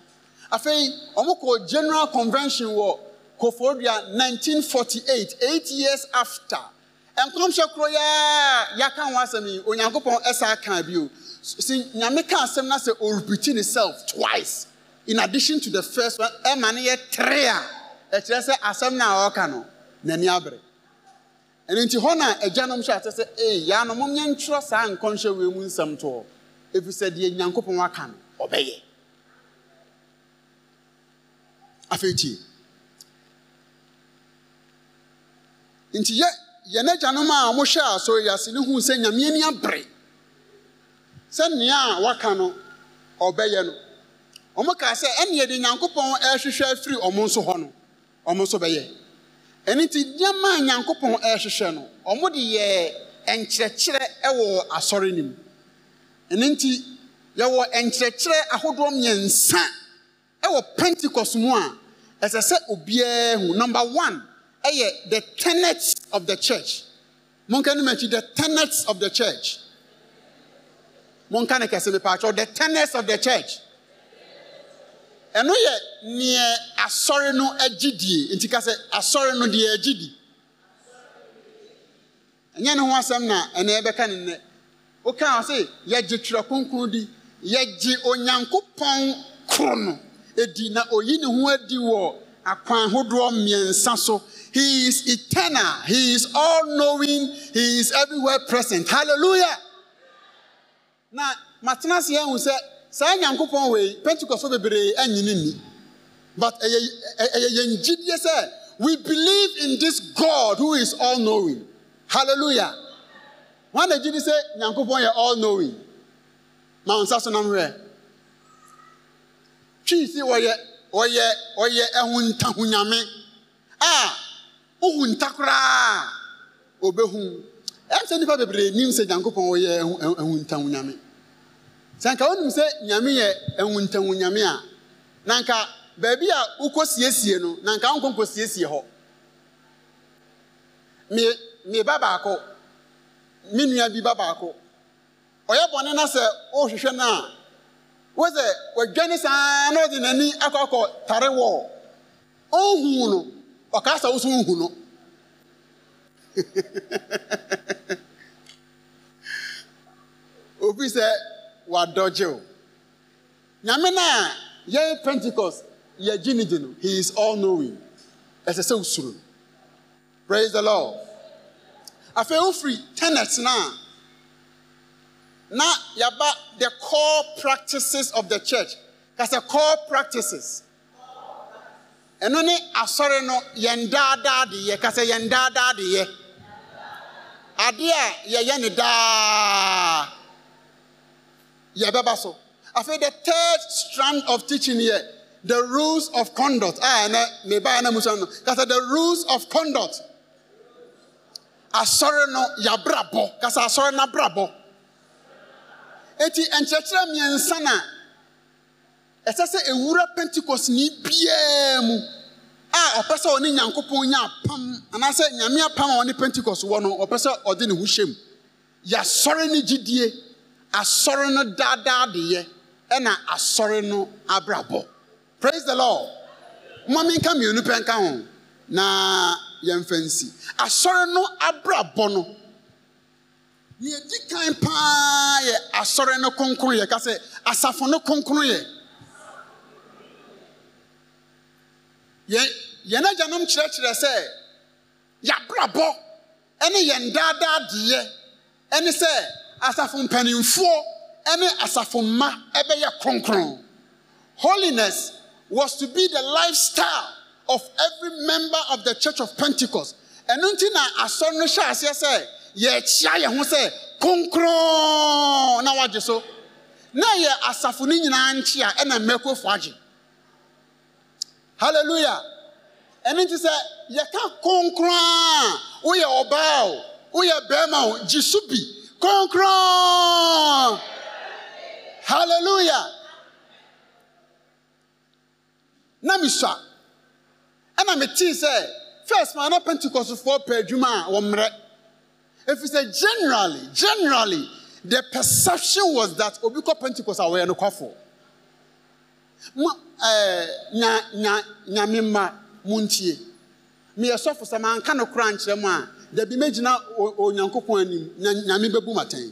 afei wɔn kɔ general convention wɔ koforidua 1948 eight years after nkɔmhyɛ koro yɛa yɛaka ho asɛm yi onyankopɔn ɛsa aka bio si nyame ka asɛm na sɛ ɔrepiti ne self twice in addition to the first one ɛma ne yɛ tere a ɛkyerɛ sɛ asɛm no a ɔreka no n'ani abere ɛno nti hɔ na agyanom hyɛ atɛ sɛ ee yɛanom yɛntwerɛ saa nkɔmhyɛ wei mu nsɛm toɔ ɛfiri sɛ deɛ nyankopɔn aka no ɔbɛyɛ afei nti yɛ yɛn agyanom a wɔhwɛ asɔreyase no hu sɛ nyame ani abere sɛ nea a waka no ɔbɛyɛ no wɔn kaa sɛ ɛnneɛ de nyankopɔn ɛrehwehwɛ afiri wɔn nso hɔ no wɔn nso bɛyɛ ɛne ti nneɛma a nyankopɔn ɛrehwehwɛ no wɔn de yɛ nkyerɛkyerɛ ɛwɔ asɔre no mu ɛne ti yɛwɔ nkyerɛkyerɛ ahodoɔ mmiɛnsa ɛwɔ pentikɔs mu a. As I said, hu number one ɛyɛ the tenets of the church monka no makyi the tenets of the church monka no kɛse mepaakyɛw the tenets of the church ɛno yɛ neɛ asɔre no agyidie nti ka sɛ asɔre no deɛ agyidi ɛnyɛ ne ho asɛm na ɛnɛ bɛka ne nnɛ wokaa sɛ yɛgye twerɛ kronkron di yɛgye onyankopɔn koro no edi na oyi ne ho adi wɔ akwan ahodoɔ mmiɛnsa so he is eternal he is all knowing he is everywhere present hallelujah na matena ase ehu sɛ saa nyankopɔn wei pentikɔso bebree anyini ni but ɛyɛ ɛyɛ yɛn gyidie sɛ we believe in this god who is all knowing hallelujah wɔn na gyidie sɛ nyankopɔn yɛ all knowing ma nsa so nam rɛ. twii sɛ wɔyɛ ɔyɛ ɔyɛ ɛhontahonyame a wohu nta koraa ɔbɛhu ɛm e, sɛ nnipa bebree nim sɛ nyankopɔn ɔyɛ ɛhontahonyame sɛ anka wonim sɛ nyame yɛ ɛhontahonyame a na anka baabi a wokɔ siesie no na anka wonkɔnkɔ siesie hɔ me me ba baako me nua bi ba baako ɔyɛ bɔne na sɛ ɔrehwehwɛ no a wosɛ wadwane saa na ɔde n'ani akɔ akɔ tare wɔ ɔnhu oh, no ɔkaasa woso nhu no obi sɛ wadɔgye o nyame no a yɛyɛ pentecost yɛgye ne gye he is all knowing ɛsɛ sɛ wosuro no praise the lord afei wofiri tenet no na yaba the core practices of the church kasa core practices ɛno ne asɔre no yɛn daadaa de yɛ kasa yɛn daadaa de yɛ adeɛ a yɛyɛ ne daa yɛbɛba so afei the third strand of teaching yɛ the rules of conduct a ah, ɛnɛ mebaa na musa no kasa the rules of conduct asɔre no yɛabrabɔ kasa asɔre no abrabɔ. eti nkyerɛkyerɛ mmiɛnsa na ɛsɛ sɛ ewura pentikɔs ni biara mu a ɔpɛ sɛ ɔne nyankopɔn nya apam anaasɛ nyame apam a ɔne pentikɔs wɔ no ɔpɛ sɛ ɔde ne ho hyɛ mu yasɔre ne gyidie asɔre no daadaa deɛ ɛna asɔre no abrabɔ praise the lord mmɔmi nka mmienu pɛ ho na yɛmfa nsi asɔre no abrabɔ no. yɛdi kan paa yɛ asɔre no kronkron yɛ kasɛ asafo no kronkron yɛ yɛn agyanom kyerɛkyerɛ sɛ yɛabrabɔ Eni yɛn daadaadeɛ ne sɛ asafo mpanimfoɔ ne asafo mma bɛyɛ kronkron holiness was to be the lifestyle of every member of the church of pentecost ɛno nti na asɔre no hyɛ aseɛ sɛ yɛrekyia yɛn ho sɛ konkron na wagye so na yɛ asafo no nyinaa nkyi a ɛna mmɛkofo agye hallelujah ɛno nti sɛ yɛka konkron a woyɛ ɔbaa o woyɛ bɛrima o gye so bi konkron hallelujah na mesua ɛna metee sɛ first ma na pentecostfoɔ pɛ adwuma a wɔmmerɛ If you say generally, generally, the perception was that Obiko Pentecost are wearing kwafo. Eh, na na na mimma muntie. Me asofo sama anka no kra nkyerɛ mu a, da bi megyina Onyankopɔn anim na nyame bɛbu maten.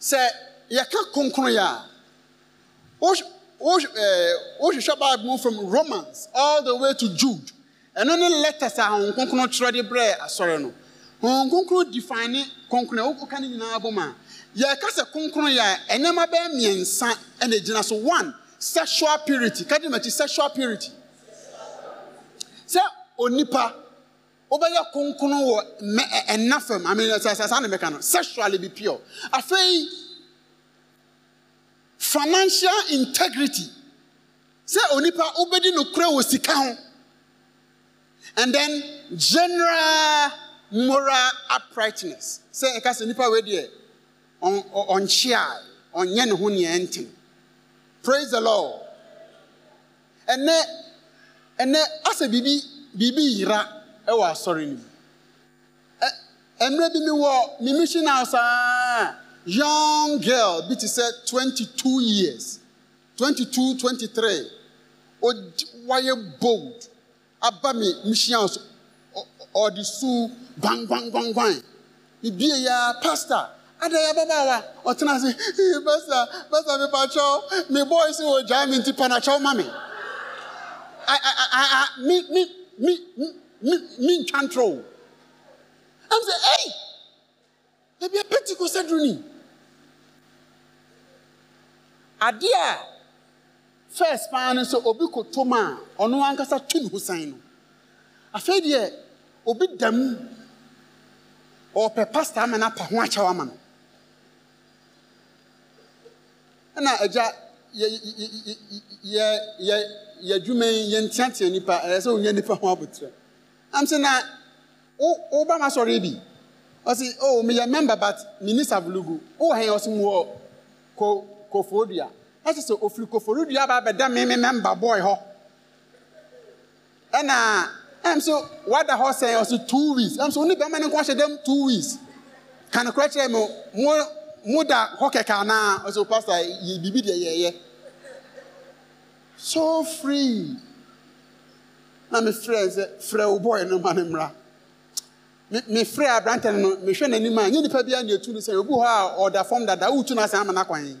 Sɛ yɛka konkron Osh eh, osh wohwehwɛ bible mu from romans all the way to jude and only letters are ahonkronkron twerɛ de brɛɛ asɔre no honhom kronkron define kronkron a woka ne nyinaa bɔ mu a yɛreka sɛ kronkron yɛ a nneɛma bɛyɛ mmiɛnsa na gyina so one sexual purity ka gyina akyi sexual purity sɛ onipa wobɛyɛ kronkron wɔ mɛ ɛna fam i mean saa saa na mɛka no Sexual be pure afei financial integrity sɛ onipa wobɛdi no kura wɔ sika ho and then general moral uprightness sɛ ɛka sɛ nipa wei deɛ ɔnkyea ɔnyɛ ne ho nea ɛnten praise the lord ɛnɛ ɛnɛ asɛ biribi biribi yira ɛwɔ asɔre no mmerɛ bi mi wɔ mi mission house aa young girl bi ti sɛ twenty two years twenty two twenty three o wayɛ bold aba mi mission house ɔde su gbangbangbangbang ebie ya pasta adaya babaawa ɔtena ase ee pasta pasta mi patsɔ mi boys wo gya mi nti panatsɔ ma mi a a a a mi mi mi mi mi nkyantoro o ɛn sɛ ɛyi ebi apɛti ko sɛ duni adeɛ a first paa no sɛ obi ko tom a ɔno ankasa twi ne ho san no. afei deɛ obi da mu ɔpɛ pasta ama no apa ho akyɛw ama no ɛna agya yɛdwuma yi yɛnteatea nipa ɛyɛ sɛ wonya nipa ho abotire am sɛ na woba ma sɔre bi ɔsi o oh, meyɛ member but mini savulugu wowɔ hɛn ɔsi mu wɔ ko kofoodua ɛsɛ sɛ ofiri kofoodua ba abɛda mimi member boy hɔ ɛna. ɛm so wada hɔ sɛn ɔso two weeks ɛm so onipa mɛni nkɔ hyɛ dɛm two weeks kanokora kyerɛ mu mo mo da hɔ kɛkɛ anaa ɔso pastor yɛ de deɛ yɛyɛ so free na mi frɛ sɛ frɛ o bɔɔl no ma mra mi mi frɛ aberanteɛ no mi hwɛ n'anim a nye nipa bi a na etu ne sɛ obi hɔ a ɔda fam dada o tu na sɛn ama na kwan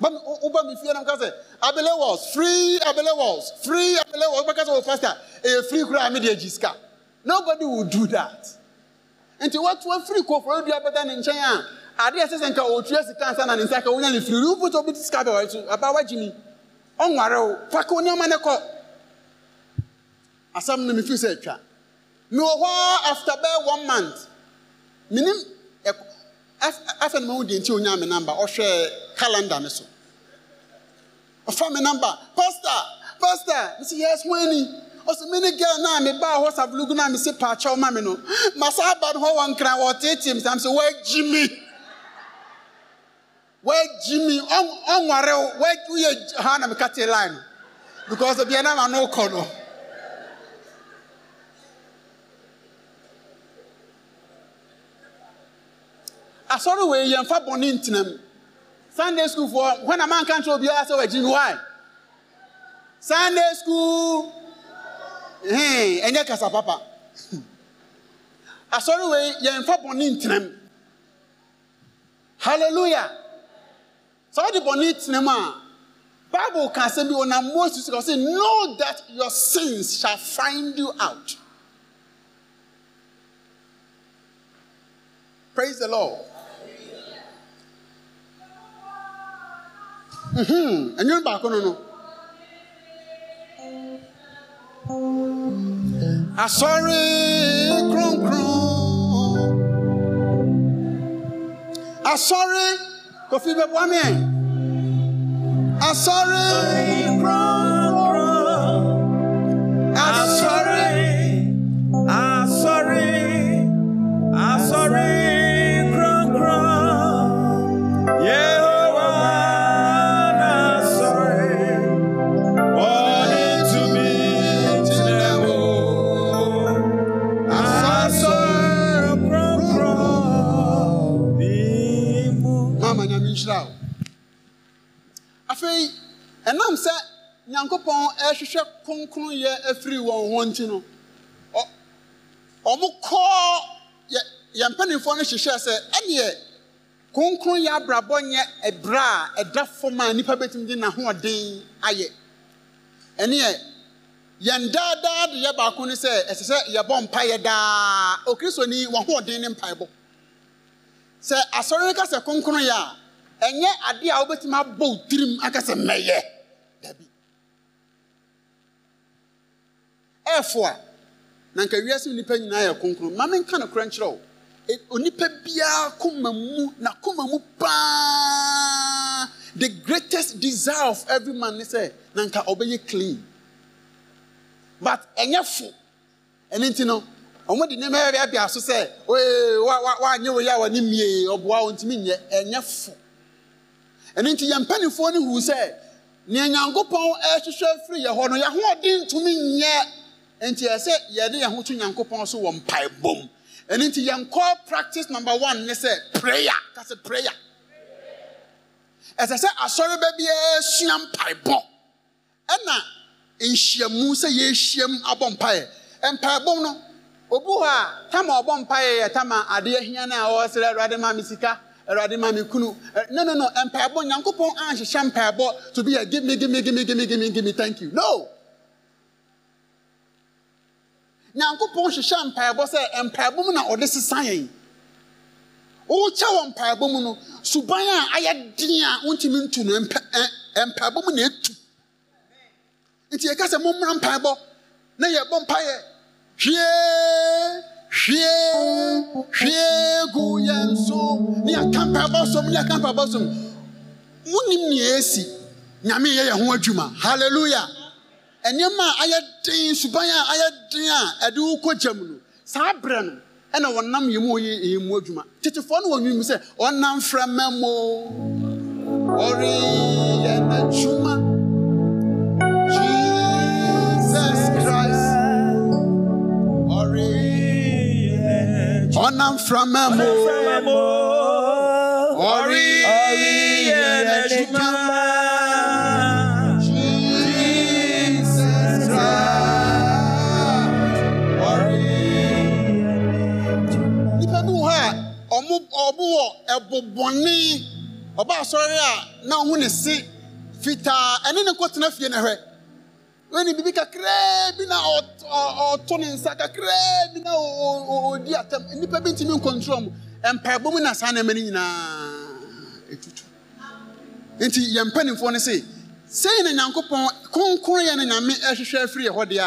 woba mi fie na nka sɛ abele free abele walls free abele walls bɛka sɛ wɔ pastor free kura mi de agyi sika nobody will do that nti watoa firi kɔfɔrɔ dua bɛda ne nkyɛn a adeɛ ɛsɛ sɛ nka ɔtua sika nsa na ne nsa ka wonya ne firi wopɔ sɛ wobɛti sika bɛwɔ so aba wagye ni ɔnware wo paka onneɛma ne kɔ asɛm no mefiri sɛ atwa mewɔ hɔ after bɛɛ one month menim afọ no ma wode nti onye amị namba ọhwẹ calendar ne so ɔfa me namba pastor pastor mesi yes wani ɔsɛ me ne girl na mebaa hɔ sabologu no a mese paakyɛw ma me no masa aba no hɔ wɔ nkra wɔteetee me sam sɛ woagyi me woagyi me ɔnware wo woyɛ ha na meka tee line no because obiara na no wokɔ no asɔre wei yɛn fa bɔnne ntenam sunday school for wɔn a man kan tɛ obiara sɛ wɔagyi mi why sunday school hɛn ɛnyɛ kasa papa asɔre wei yɛn fa bɔnne ntenam hallelujah sɛ wɔde bɔnne ntenam a bible kan sɛ bi wɔn na most kan say know that your sins shall find you out. Praise the Lord. ɛnwene mm-hmm. baako no no asɔre kronkron asɔre kofi bɛ bɔ mi asɔre kronkron. ɛhwehwɛ kronkronyɛ afiri wɔn ho nti no ɔmokɔɔ yɛn mpanimfoɔ no hyehyɛ sɛ ɛneɛ yɛ abrabɔ nyɛ ɛbrɛ a ɛda fam a nnipa bɛtumi di n'ahoɔden ayɛ ɛneɛ yɛn daadaa de yɛ baako ne sɛ ɛsɛ sɛ yɛbɔ mpa yɛ daa okristoni wɔhoɔden ne bɔ sɛ asɔre no ka sɛ kronkronyɛ a ɛnyɛ adeɛ a wobɛtumi abɔ wo tirim aka sɛ mɛyɛ ɛɛfo a na nka wiase nipa nyinaa yɛ kronkron maame nka no korɛ nkyerɛ o e, onipa biara koma mu na koma mu paa the greatest desire of every man ne sɛ na nka ɔbɛyɛ clean but ɛnyɛ fo ɛne nti no wɔn de nneɛma yɛ abia so sɛ oye wa wa wanyɛ oye a wɔne mie ɔboa ntumi nyɛ ɛnyɛ fo ɛne nti yɛn mpanimfoɔ no hu sɛ nea nyankopɔn ɛrehwehwɛ firi yɛ hɔ no yɛn ahoɔden ntumi nyɛ nti ɛsɛ yɛde yɛn ho to nyankopɔn so wɔ mpaebom ɛno nti yɛn kɔ practice number one ne sɛ prayer kase prayer ɛsɛ sɛ asɔre bɛ biara sua mpaebɔ ɛna nhyiamu sɛ yɛahyiam abɔ mpaeɛ mpaebom no obu hɔ a tama ɔbɔ mpaeɛ yɛ tama adeɛ hia no a ɔresrɛ awurade ma sika awurade ma me kunu no no no mpaebɔ nyankopɔn anhyehyɛ mpaebɔ to be a give me give me give me give thank you no nyankopɔn hyehyɛ mpaebɔ sɛ mpaebɔ mu na ɔde sesa yɛn wokyɛ wɔ mpaebɔ mu no suban a ayɛ den a wontumi ntu no mpaebɔ mu na ɛtu nti yɛka sɛ mommra mpaebɔ na yɛbɔ mpaeɛ hwie hwie hwie gu yɛn so ne yɛaka mpaebɔ som ne yɛaka mpaebɔ som wonim nea ɛsi nyame yɛ yɛ ho adwuma halleluya nneɛma a ayɛ den suban a ayɛ den a ɛde wo kɔ gyam no saa berɛ no ɛna wɔnam yɛ mu wɔyɛ yɛ mu adwuma tetefoɔ no wɔnwim sɛ ɔnam frɛmɛ mo ɔreyɛ n'adwuma jesus christ ɔreyɛ n'adwuma ɔnam frɛmɛ mo ɔreyɛ. ɔbo wɔ ɛbobɔne ɔba asɔre a na ɔho ne se fitaa ɛne ne nkɔtena fie ne hwɛ wɛni bibi kakraa bi na ɔto ne nsa kakraa bi na ɔdi atam nnipa bi ntumi nkɔntrol mu mpaebɔ mu na saa nneɛma no nyinaa ɛtutu nti yɛn mpanimfoɔ no se sɛyi na nyankopɔn kronkron yɛ ne nyame ɛhwehwɛ afiri yɛ hɔ deɛ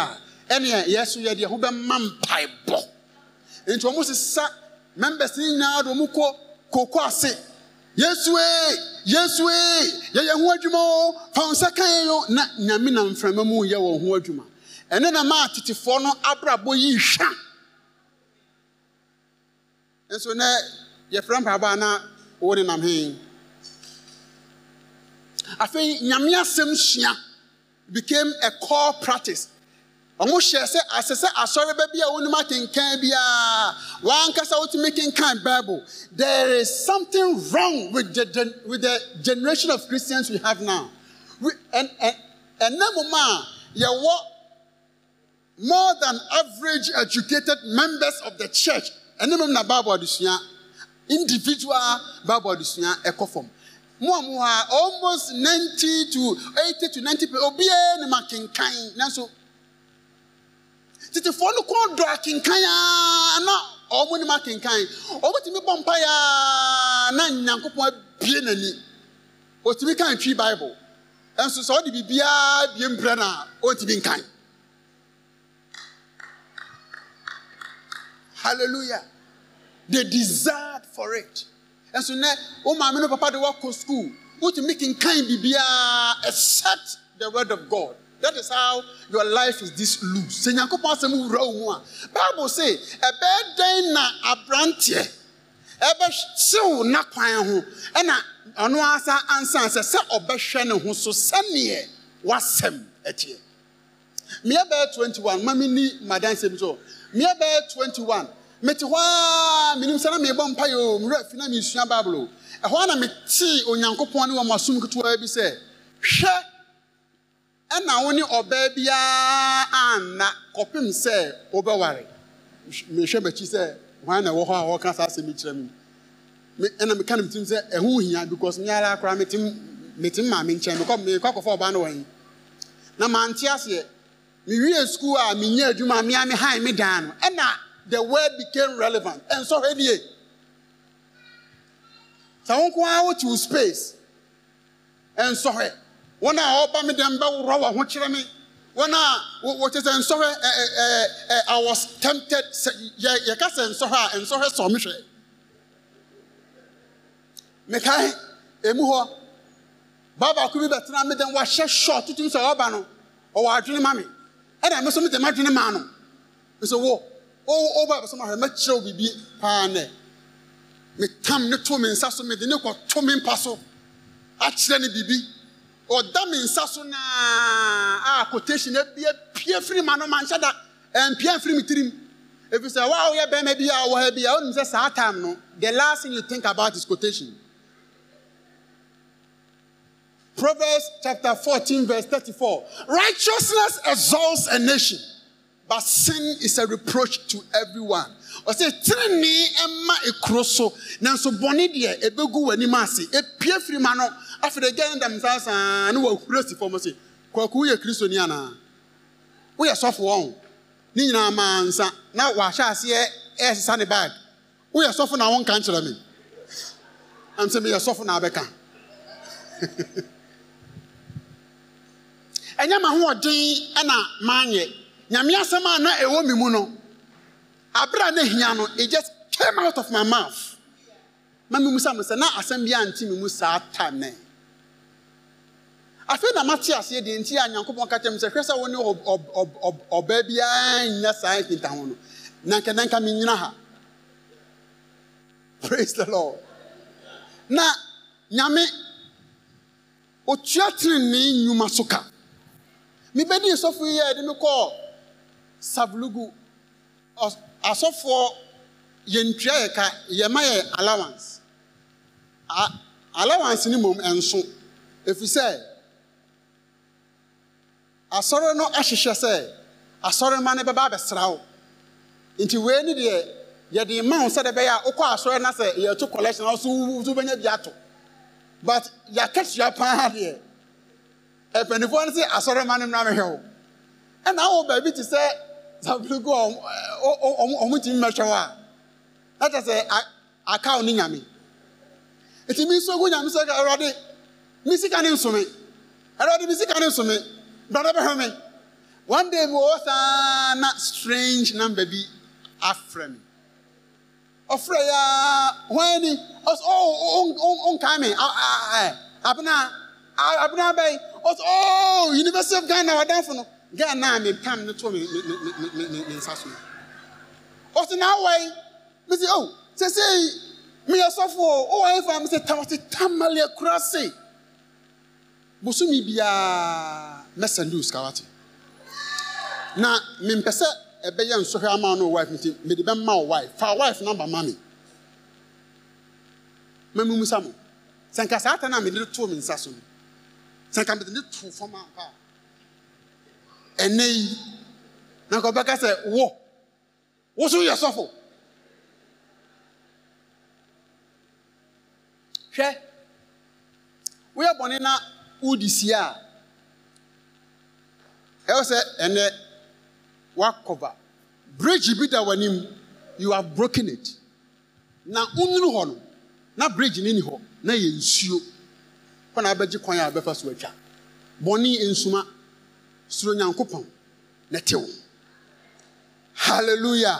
a ɛneɛ yɛ so yɛ deɛ ho bɛma mpaebɔ nti wɔn sesa members ni nyinaa de wɔn kɔ kooko ase yesue yesue yɛyɛ ho adwuma o fa wɔn nsa ka yɛ yo na nyame na mframa mu yɛ wɔn ho adwuma ɛne na maa tetefoɔ no abrabɔ yi hwa nso nɛ yɛfrɛ mpaboa na wɔn nenam hɛn afei nyame asɛm hyia became a core practice ɔmo hyɛ sɛ asɛ sɛ asɔreba bi a wɔnum akenkan biara wankasa wotumi kenkan bible there is something wrong with the with the generation of christians we have now we and and ɛnna mo ma yɛwɔ more than average educated members of the church ɛnna mo na bible adusua individual bible adusua ɛkɔ fam mo a mo ha almost ninety to eighty to ninety percent. obiara ne ma kenkan nanso tetefoɔ no kɔn dɔ akenkan ya na wɔn anim akenkan wɔbɛtumi bɔ mpa yaa na nyankopɔn abie n'ani wɔtumi kan twi bible nso so ɔde biribiara bie mpira na ɔntumi nkan hallelujah they desired for it nso nɛ wɔn maame no papa de wɔkɔ school wɔtumi kenkan biribiara except the word of god. That is how your life is this loose. Sɛ nyankopɔn asɛm wura wo a Bible say ɛbɛyɛ dɛn na aberanteɛ ɛbɛhyew n'akwan ho ɛna ɔno asa ansan sɛ sɛ ɔbɛhwɛ ne ho so sɛneɛ wasɛm ɛteɛ. Mmea bɛyɛ twenty one maame ni madansɛm so mmea bɛyɛ twenty one mete hɔ a menim sɛ na merebɔ mpa yɛ o mmerɛ fi na meresua bible o ɛhɔ na metee onyankopɔn ne wɔ masom ketewa bi sɛ hwɛ ɛna wo ne ɔbaa biara anna kɔpem sɛ wobɛware mehwɛ m'akyi sɛ hwan na ɛwɔ hɔ a wɔka saa asɛm kyerɛ me me ɛna meka ne metim sɛ ɛho hia because me ara koraa metim ma maame nkyɛn mekɔ mekɔ akɔfa ɔbaa no wɔn na mante aseɛ mewie sukuu a menyɛ adwuma a mea me han me dan no ɛna the word became relevant ɛnsɔhwɛ die sɛ wo nko ara wote space ɛnsɔhwɛ wɔn a ɔba mi dɛm bɛworɔ wɔn ho kyerɛ mi wɔn a wɔte sɛ nsɔhwɛ ɛɛ ɛɛ ɛɛ i was tempted sɛ yɛ yɛka sɛ nsɔhwɛ a nsɔhwɛ sɔ mi hwɛ mekae emu hɔ baa baako bi bɛtena mi dɛm wahyɛ short tuntun sɛ ɔba no ɔwɔ adwene ma mi ɛna mi nso mi dɛm adwene ma no nso wɔ ɔwɔ ɔba abɛsɛm ahwɛ mɛkyerɛw bibi paa nɛ metam ne to me nsa so mede ne kɔto me mpa so akyerɛ ne bibi. Or mi nsa so quotation ebie pie firi ma no ma and da free firi mi tirim efisɛ wa ɔyɛ bɛrima maybe I will be, bi a ɔnim sɛ saa time no the last thing you think about is quotation. Proverbs chapter 14, verse 34. Righteousness exalts a nation, but sin is a reproach to everyone. ɔsɛ tirinii ɛma ekuro so nanso bɔnni deɛ ebegu wɔ anim ase epie firi ma no. afei gɛn dɛm saa saa ne wɔahuro si fam se kɔɔko woyɛ kristoni anaa woyɛ sɔfoɔ ho ne nyinaa maa nsa na wɔahyɛ aseɛ ɛresesa ne eh, eh, bag woyɛ sɔfo na kyerɛ sɔfo na abɛka ɛnyɛ ma hoɔden ɛna maanyɛ nyame asɛm a na ɛwɔ me mu no abere na hia no it just came out of my ma na asɛm bi a nti mu saa afei na mate aseɛ deɛ nti a nyankopɔn ka kyɛm sɛ hwɛ sɛ wo ne ɔbaa biara nyɛ saa nkinta ho no nanka menyina ha praise the lord na nyame otua tenenee nnwuma so ka mebɛdii sɔfo yi yɛ de me kɔɔ savlugu asɔfoɔ yɛntua yɛ ka yɛma yɛ allowance allowance ne mmom ɛnso ɛfiri sɛ asɔre no hyehyɛ sɛ asɔre mma no bɛba abɛsra wo nti wee ni deɛ yɛde mma wo sɛdeɛ bɛyɛ a wokɔ asɔre na sɛ yɛato collection a so so wobɛnya bi ato but yɛakatua paa deɛ mpanifoɔ no sɛ asɔre mma no mmra mehwɛ wo ɛna awɔ baabi te sɛ sapiligo ɔmo tumi mɛhwɛ wo a na sɛ aka wo ne nyame nti mi nso gu nyame sɛ awurade mi sika ne nsome awurade mi sika ne nsome dɔdɔ bɛ home one day mo saa na strange number bi afrɛ me ɔfrɛ ya hwan ni ɔsɛ oh ɔnkan oh, oh, oh, ah. ah, ah eh. abena abena ah, bɛyi ɔsɛ oh university of ghana wadanfo no ghana a mi pam ne to mi mi mi mi mi nsa so ɔsɛ n'awɔyi mi sɛ oh sɛsɛyi mi yɛ sɔfo o wɔyɛ fa mi sɛ tamasi tamale kura se bosomi biara na sɛ news na mempɛ sɛ ɛbɛyɛ nsɔhwɛ ama no wife nti mede bɛma wo wife fa wife number ma me mamumu sa mo sɛ nka saa ta no a mede too me nsa so no sɛ nka mede ne too fam ampa a ɛnɛ yi na nka ɔbɛka sɛ wo wo so yɛ sɔfo hwɛ woyɛ bɔne na wodi sie a ɛwɔ sɛ ɛnɛ wakɔba bridge bi da w'anim you are broken it na nnuru hɔ no na bridge ne ni hɔ na yɛ nsuo hɔ na abɛgye kwan a abɛfa so atwa bɔnne nsuma soro nyankopɔn na tew hallelujah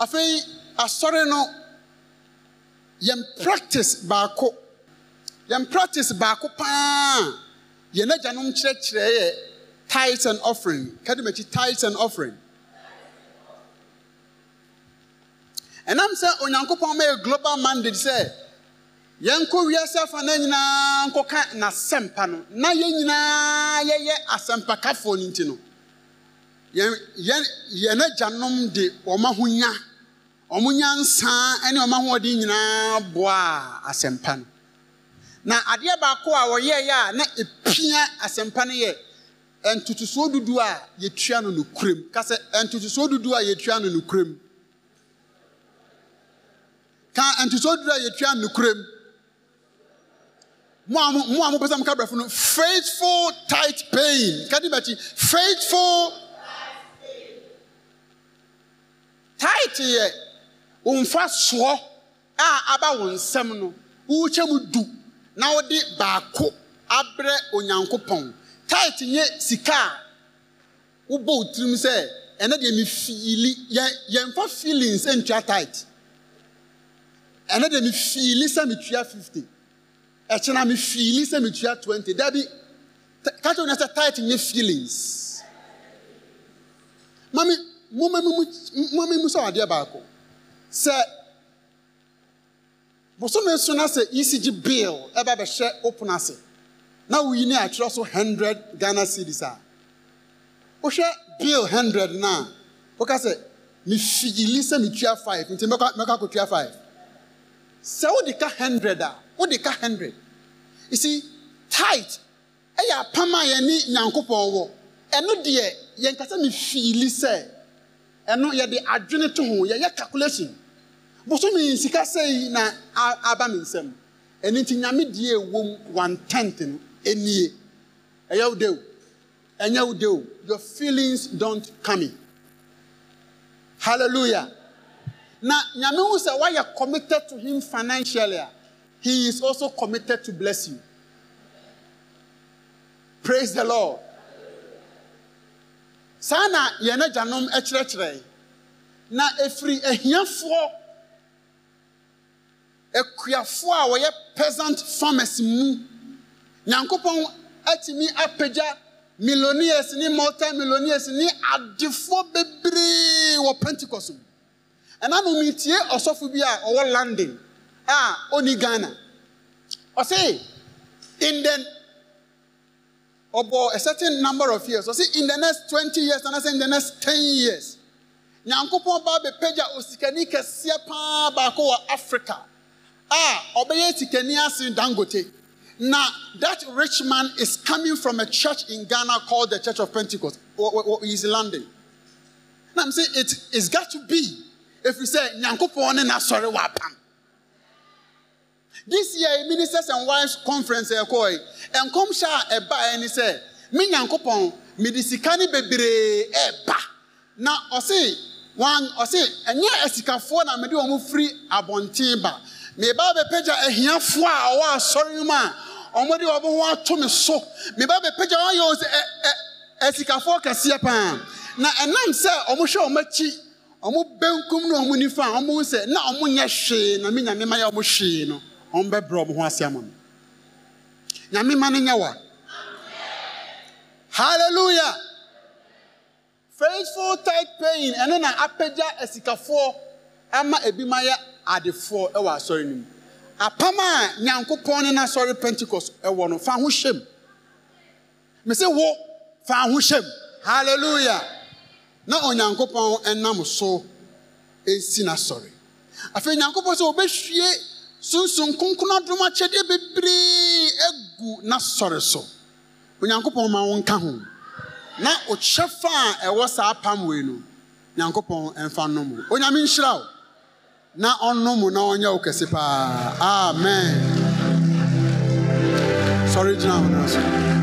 afei asɔre no yɛn practice baako yɛn practice baako paa. yɛn agyanom kyerɛkyerɛ yɛ tithes and offering kadi m'akyi tithes and offering ɛnam sɛ onyankopɔn ma yɛ global mandate sɛ yɛnkɔ wiase afa no nyinaa nkɔka n'asɛmpa no na yɛn nyinaa yɛyɛ asɛmpakafoɔ no nti no yɛn agyanom de wɔn ahonya wɔn nyansa ne wɔn ahoɔden nyinaa boa asɛmpa no na adeɛ baako a wɔyɛeɛ a na epia asɛmpa no yɛ ntotosoɔ dodoɔ a yɛtua no no kurem kasɛ ntotosoɔ dodoɔ a yɛtua no no kurem ka ntotosoɔ dodoɔ a yɛtua no no kurem mo a mo mo a mo pɛ mo ka brɛfo no faithful tight pain kadi bɛkyi faithful tight yɛ nfa soɔ a aba wɔn nsam no wɔn kyɛn mu du na wode baako abrɛ onyankopɔn tight nyɛ sika a wobɔ wo tirim sɛ ɛnɛ deɛ mefiili yɛmfa feelings ntua tight ɛnɛ deɛ mefiili sɛ fifty 50 ɛkyena mefiili sɛ metua twenty. dabi ka kyerɛ wo sɛ tight nyɛ feelings mame momame mu sɛ wadeɛ baako sɛ bosome nso na sɛ ecg bill ɛba bɛhyɛ open ase na woyi ne atwerɛ so hundred ghana cities. a wohwɛ bill hundred na woka sɛ mefiyili me metua five nti mɛkɔ akɔtua five sɛ wode ka hundred a wode ka hundred esi tight ɛyɛ apam a yɛne nyankopɔn wɔ ɛno deɛ yɛnkasa mefiyili sɛ ɛno yɛde adwene to ho yɛyɛ calculation bosome sika sɛyi na aba me nsam ɛno nti nyame die wom one tenth no ɛnie ɛyɛ wo de o ɛnyɛ wo de o your feelings don't come in hallelujah na nyame hu sɛ woayɛ committed to him financially a he is also committed to bless you praise the lord saa na yɛn agyanom akyerɛkyerɛ na ɛfiri ahiafoɔ akuafoɔ a wɔyɛ peasant farmers mu nyankopɔn atumi apagya millionaires ne multimillionaires ne adefoɔ bebree wɔ pentecost mu ɛna no metie ɔsɔfo bi a ɔwɔ london a ɔni ghana ɔse in the ɔbɔ a certain number of years ɔse in the next twenty years anaasɛ in the next ten years nyankopɔn baa bɛpagya osikani kɛseɛ paa baako wɔ africa a ah, ɔbɛyɛ sikani ase dangote na that rich man is coming from a church in ghana called the church of pentecost he is in london and i'm saying it, it's got to be if we say nyankopɔn ne n'asɔre wa apam this year ministers and wives conference ɛkɔ yi nkɔmhyɛ a eba eni sɛ me nyankopɔn mede sika ne bebree ɛɛba na osi wan ɔse ɛnyɛ asikafoɔ na mede wɔn firi abɔnten ba meba bɛpagya ahiafoɔ a ɔwɔ asɔre no mu a ɔmode wɔn ho ato me so meba bɛpagya wɔn yɛ asikafoɔ kɛseɛ paa na ɛnam sɛ ɔmohwɛ wɔn akyi ɔmo benkum na ɔmo nifa a ɔmo sɛ na ɔmo nyɛ hwee na me nyame ma yɛ ɔmo hwee no ɔmo bɛbrɛ ɔmo ho ase ama me nyame ma no nyɛ wa hallelujah faithful tight pain ɛno na apagya asikafoɔ ama ebi ma yɛ adefoɔ wɔ asɔre no mu apam a nyankopɔn ne n'asɔre pentecost wɔ no fa ho hyɛm mese wo fa ho hyɛm hallelujah na onyankopɔn nam so esi n'asɔre afei nyankopɔn sɛ wɔbɛhwie sunsun kunkun adum akyɛdeɛ bebree egu n'asɔre so onyankopɔn ma wɔn ka ho na ɔkyɛ fa a ɛwɔ saa pamwee no nyankopɔn mfa nom onyame nhyira o. na ɔno mu na ɔnyɛ wo kɛse paa amen sɔre gyina ho no so